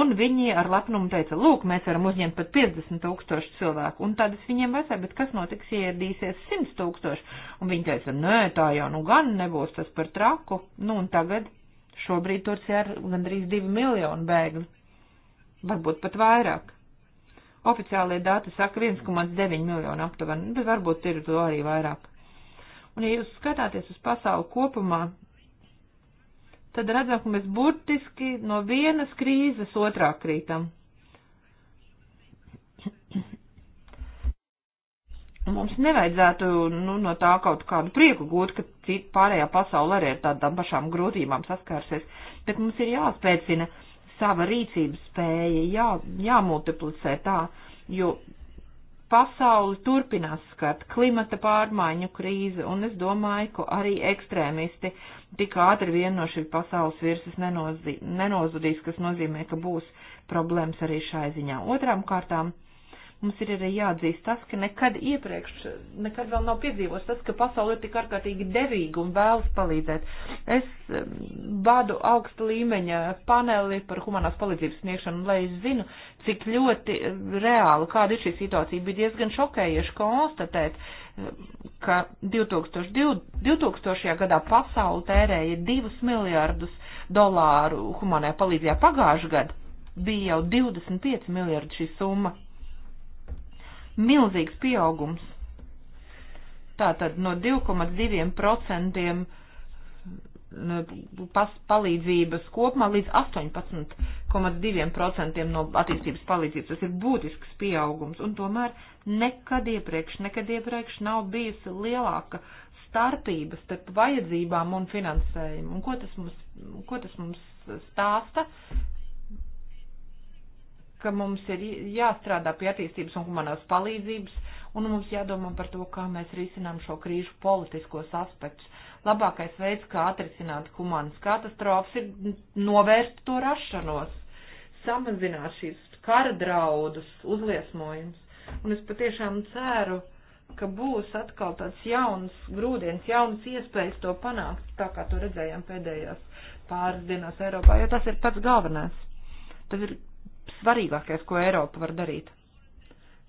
Speaker 3: Un viņi ar lepnumu teica, lūk, mēs varam uzņemt pat 50 tūkstošu cilvēku. Un tad es viņiem vecāju, bet kas notiks, ja iedīsies 100 tūkstoši? Un viņi teica, nē, tā jau nu gan nebūs tas par traku. Nu un tagad šobrīd Turcija ir gandrīz 2 miljonu bēgļu. Varbūt pat vairāk. Oficiālie dati saka 1,9 miljonu aptuveni, nu, bet varbūt ir to arī vairāk. Un ja jūs skatāties uz pasauli kopumā, tad redzam, ka mēs burtiski no vienas krīzes otrā krītam. Mums nevajadzētu nu, no tā kaut kādu prieku gūt, ka cita pārējā pasaule arī ar tādām pašām grūtībām saskārsies, bet mums ir jāspēcina sava rīcības spēja, jā, jāmultiplicē tā, jo pasauli turpinās skart klimata pārmaiņu krīze, un es domāju, ka arī ekstrēmisti tik ātri vien no šī pasaules virsmas nenozudīs, kas nozīmē, ka būs problēmas arī šai ziņā. Otrām kārtām Mums ir arī jāatzīst tas, ka nekad iepriekš, nekad vēl nav piedzīvots tas, ka pasaule ir tik ārkārtīgi devīga un vēlas palīdzēt. Es vadu augsta līmeņa paneli par humanās palīdzības sniegšanu, lai es zinu, cik ļoti reāli, kāda ir šī situācija. Bija diezgan šokējuši konstatēt, ka 2020, 2000. gadā pasauli tērēja 2 miljārdus dolāru humanai palīdzībā pagājušajā gadā. Bija jau 25 miljardi šī summa milzīgs pieaugums. Tātad no 2,2% pas, palīdzības kopumā līdz 18,2% no attīstības palīdzības. Tas ir būtisks pieaugums, un tomēr nekad iepriekš, nekad iepriekš nav bijusi lielāka starpība starp vajadzībām un finansējumu. Un ko tas mums, ko tas mums stāsta? ka mums ir jāstrādā pie attīstības un humanās palīdzības, un mums jādomā par to, kā mēs risinām šo krīžu politiskos aspektus. Labākais veids, kā atrisināt humanas katastrofas, ir novērst to rašanos, samazināt šīs kara draudus, uzliesmojums. Un es patiešām ceru, ka būs atkal tāds jauns grūdienis, jauns iespējas to panākt, tā kā to redzējām pēdējās pāris dienās Eiropā, jo tas ir pats galvenais. Tas ir svarīgākais, ko Eiropa var darīt.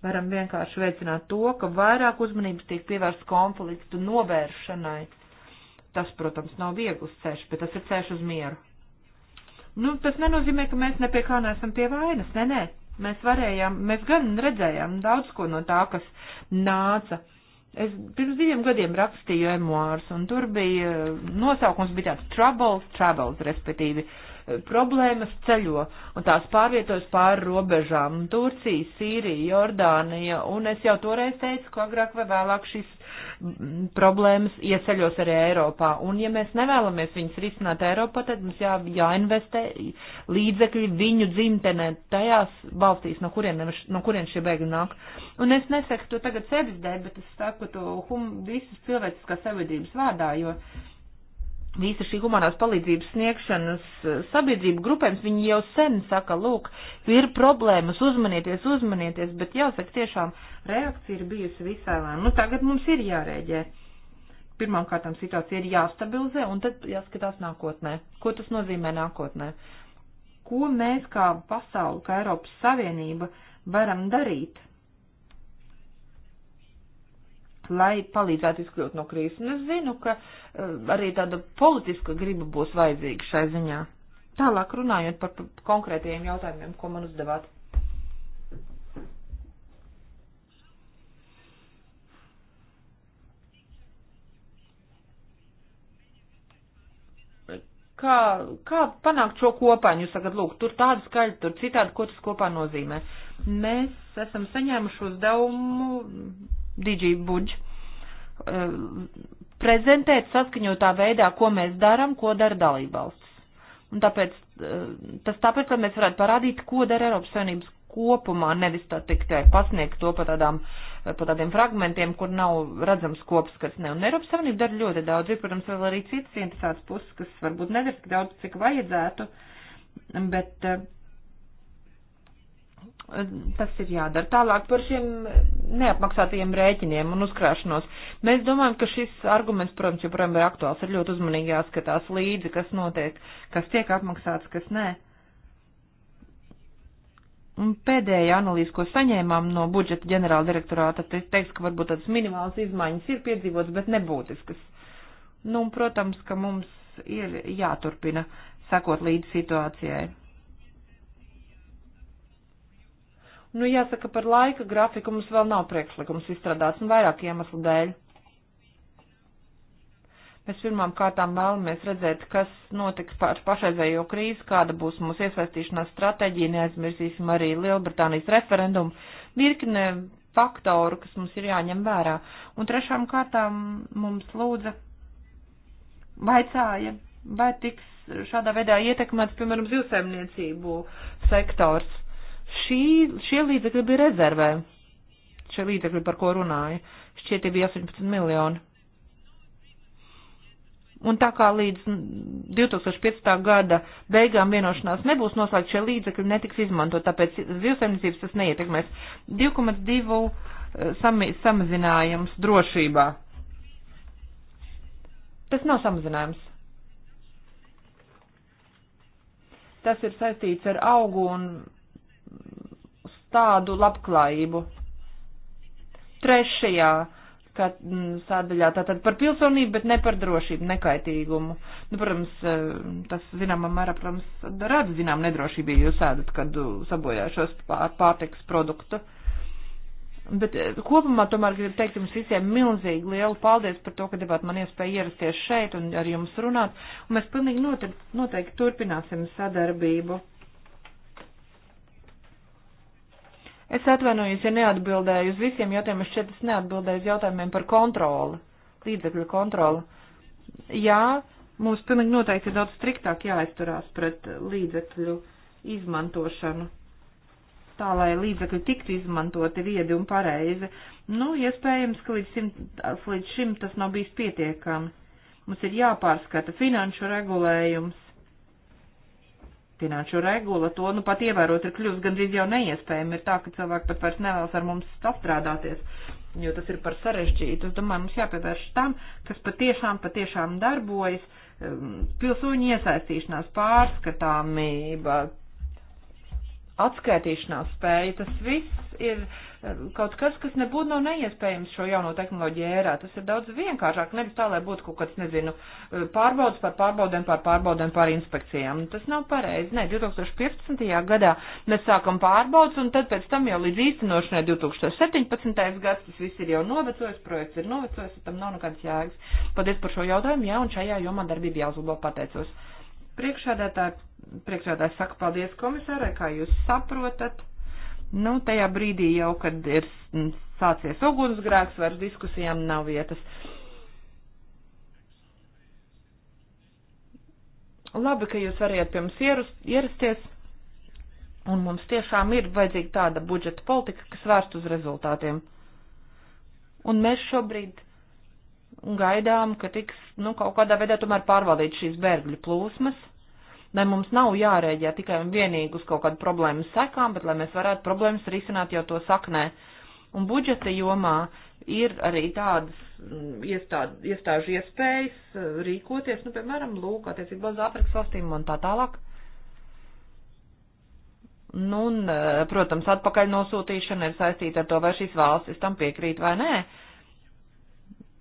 Speaker 3: Varam vienkārši veicināt to, ka vairāk uzmanības tiek pievērsts konfliktu novēršanai. Tas, protams, nav viegls ceļš, bet tas ir ceļš uz mieru. Nu, tas nenozīmē, ka mēs nepie kā neesam pie vainas. Nē, nē, mēs varējām, mēs gan redzējām daudz ko no tā, kas nāca. Es pirms diviem gadiem rakstīju emuārs, un tur bija eh, nosaukums bija tāds Troubles, Troubles, respektīvi. Uh, problēmas ceļo un tās pārvietojas pāri robežām. Turcija, Sīrija, Jordānija, un es jau toreiz teicu, ka agrāk vai vēlāk šīs mm, problēmas ieceļos arī Eiropā. Un ja mēs nevēlamies viņas risināt Eiropā, tad mums jā, jāinvestē līdzekļi viņu dzimtenē, tajās valstīs, no kurien, no kurien šie bēgļi nāk. Un es nesaku to tagad sevis dēļ, bet es saku to hum, visas cilvēciskās sabiedrības vārdā, jo visa šī humanās palīdzības sniegšanas eh, sabiedrību grupējums, viņi jau sen saka, lūk, ir problēmas, uzmanieties, uzmanieties, bet jāsaka, tiešām reakcija ir bijusi visai lēna. Nu, tagad mums ir jārēģē. Pirmām kārtām situācija ir jāstabilizē, un tad jāskatās nākotnē. Ko tas nozīmē nākotnē? Ko mēs kā pasauli, kā Eiropas Savienība varam darīt, lai palīdzētu izkļūt no krīzes. Un es zinu, ka eh, arī tāda politiska griba būs vajadzīga šai ziņā. Tālāk runājot par konkrētajiem jautājumiem, ko man uzdevāt. kā, kā panākt šo kopainu, jūs sakat, lūk, tur tādu skaļu, tur citādi, ko tas kopā nozīmē. Mēs esam saņēmuši uzdevumu DigiBudž eh, prezentēt saskaņotā veidā, ko mēs darām, ko dara dalībvalsts. Un tāpēc, eh, tas tāpēc, lai mēs varētu parādīt, ko dara Eiropas Savienības kopumā, nevis tā tikai pasniegt to pa, tādām, eh, pa tādiem fragmentiem, kur nav redzams kopskats. Ne. Un Eiropas Savienība dara ļoti daudz, ir, protams, vēl arī citas interesētas puses, kas varbūt nedara tik daudz, cik vajadzētu, bet uh, Tas ir jādara tālāk par šiem neapmaksātajiem rēķiniem un uzkrāšanos. Mēs domājam, ka šis arguments, protams, joprojām ir aktuāls. Ir ļoti uzmanīgi jāskatās līdzi, kas notiek, kas tiek apmaksāts, kas nē. Un pēdējā analīze, ko saņēmām no budžeta ģenerāla direktorāta, tad es teiktu, ka varbūt tādas minimālas izmaiņas ir piedzīvotas, bet nebūtiskas. Nu, un, protams, ka mums ir jāturpina sakot līdz situācijai Nu, jāsaka, par laika grafiku mums vēl nav priekšlikums izstrādāts un vairāk iemeslu dēļ. Mēs pirmām kārtām vēlamies redzēt, kas notiks ar pašreizējo krīzi, kāda būs mūsu iesaistīšanās stratēģija, neaizmirsīsim arī Lielbritānijas referendumu, virkne faktoru, kas mums ir jāņem vērā. Un trešām kārtām mums lūdza, vaicāja, vai tiks šādā veidā ietekmēts, piemēram, zivsaimniecību sektors Šī, šie līdzekļi bija rezervē. Šie līdzekļi, par ko runāju, šķiet, tie bija 18 miljoni. Un tā kā līdz 2015. gada beigām vienošanās nebūs noslēgta, šie līdzekļi netiks izmantot, tāpēc zivsaimniecības tas neietekmēs. 2,2 eh, sami, samazinājums drošībā. Tas nav samazinājums. Tas ir saistīts ar augu un tādu labklājību. Trešajā kad, sādaļā tātad par pilsonību, bet ne par drošību, nekaitīgumu. Nu, protams, e, tas, zinām, mērā, protams, rada, zinām, nedrošību, ja jūs ēdat, kad sabojā šos pār, pārtiks produktu. Bet e, kopumā tomēr gribu teikt jums visiem milzīgi lielu paldies par to, ka devāt man iespēju ierasties šeit un ar jums runāt. Un mēs pilnīgi noteikti, noteikti turpināsim sadarbību Es atvainojos, ja neatbildēju uz visiem jautājumiem, šķiet es neatbildēju uz jautājumiem par kontroli, līdzekļu kontroli. Jā, mums pilnīgi noteikti ir daudz striktāk jāizturās pret līdzekļu izmantošanu. Tā, lai līdzekļi tiktu izmantoti viedi un pareizi. Nu, iespējams, ka līdz, simt, līdz šim tas nav bijis pietiekami. Mums ir jāpārskata finanšu regulējums finanšu regula, to nu pat ievērot ir kļūst gandrīz jau neiespējami. Ir tā, ka cilvēki pat vairs nevēlas ar mums sastrādāties, jo tas ir par sarežģītu. Es domāju, mums jāpievērš tam, kas patiešām, patiešām darbojas, um, pilsoņu iesaistīšanās, pārskatāmība, atskaitīšanās spēja, tas viss ir kaut kas, kas nebūtu nav neiespējams šo jauno tehnoloģiju ērā. Tas ir daudz vienkāršāk, nevis tā, lai būtu kaut kāds, nezinu, eh, pārbaudas par pārbaudēm, par pārbaudēm, par inspekcijām. Tas nav pareizi. Nē, 2015. gadā mēs sākam pārbaudas, un tad pēc tam jau līdz īstenošanai 2017. gads tas viss ir jau novecojis, projekts ir novecojis, tam nav nekādas jēgas. Paldies par šo jautājumu, jā, un šajā jomā darbība jāuzlabo pateicos. Priekšādātāji, priekšādātāji saka paldies komisārai, kā jūs saprotat Nu, tajā brīdī jau, kad ir sācies ugunsgrēks, vairs diskusijām nav vietas. Labi, ka jūs varējāt pie mums ierasties, un mums tiešām ir vajadzīga tāda budžeta politika, kas vērst uz rezultātiem. Un mēs šobrīd gaidām, ka tiks, nu, kaut kādā veidā tomēr pārvaldīt šīs bērgļu plūsmas lai mums nav jārēģē tikai un vienīgi uz kaut kādu problēmu sekām, bet lai mēs varētu problēmas risināt jau to saknē. Un budžeta jomā ir arī tādas mm, iestād, iestāžu iespējas eh, rīkoties, nu, piemēram, lūk, attiecībā uz Āfrikas valstīm un tā tālāk. Nu, un, eh, protams, atpakaļ nosūtīšana ir saistīta ar to, vai šīs valstis tam piekrīt vai nē.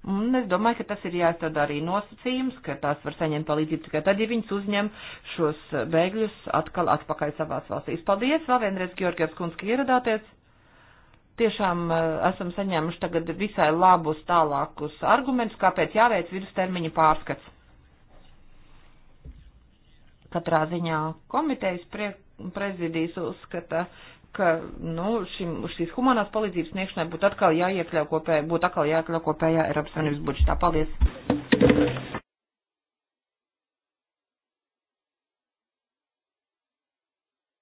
Speaker 3: Un es domāju, ka tas ir jāizstrādā arī nosacījums, ka tās var saņemt palīdzību tikai tad, ja viņas uzņem šos bēgļus atkal atpakaļ savās valstīs. Paldies vēl vienreiz, Georgievs Kunski, ieradāties. Tiešām eh, esam saņēmuši tagad visai labus tālākus argumentus, kāpēc jāveic vidustermiņa pārskats. Katrā ziņā komitejas priekšā prezidijas uzskata, ka, nu, šim, šīs humanās palīdzības sniegšanai būtu atkal jāiekļau kopējā, būtu atkal jāiekļau
Speaker 2: kopējā Eiropas Savienības budžetā. Paldies!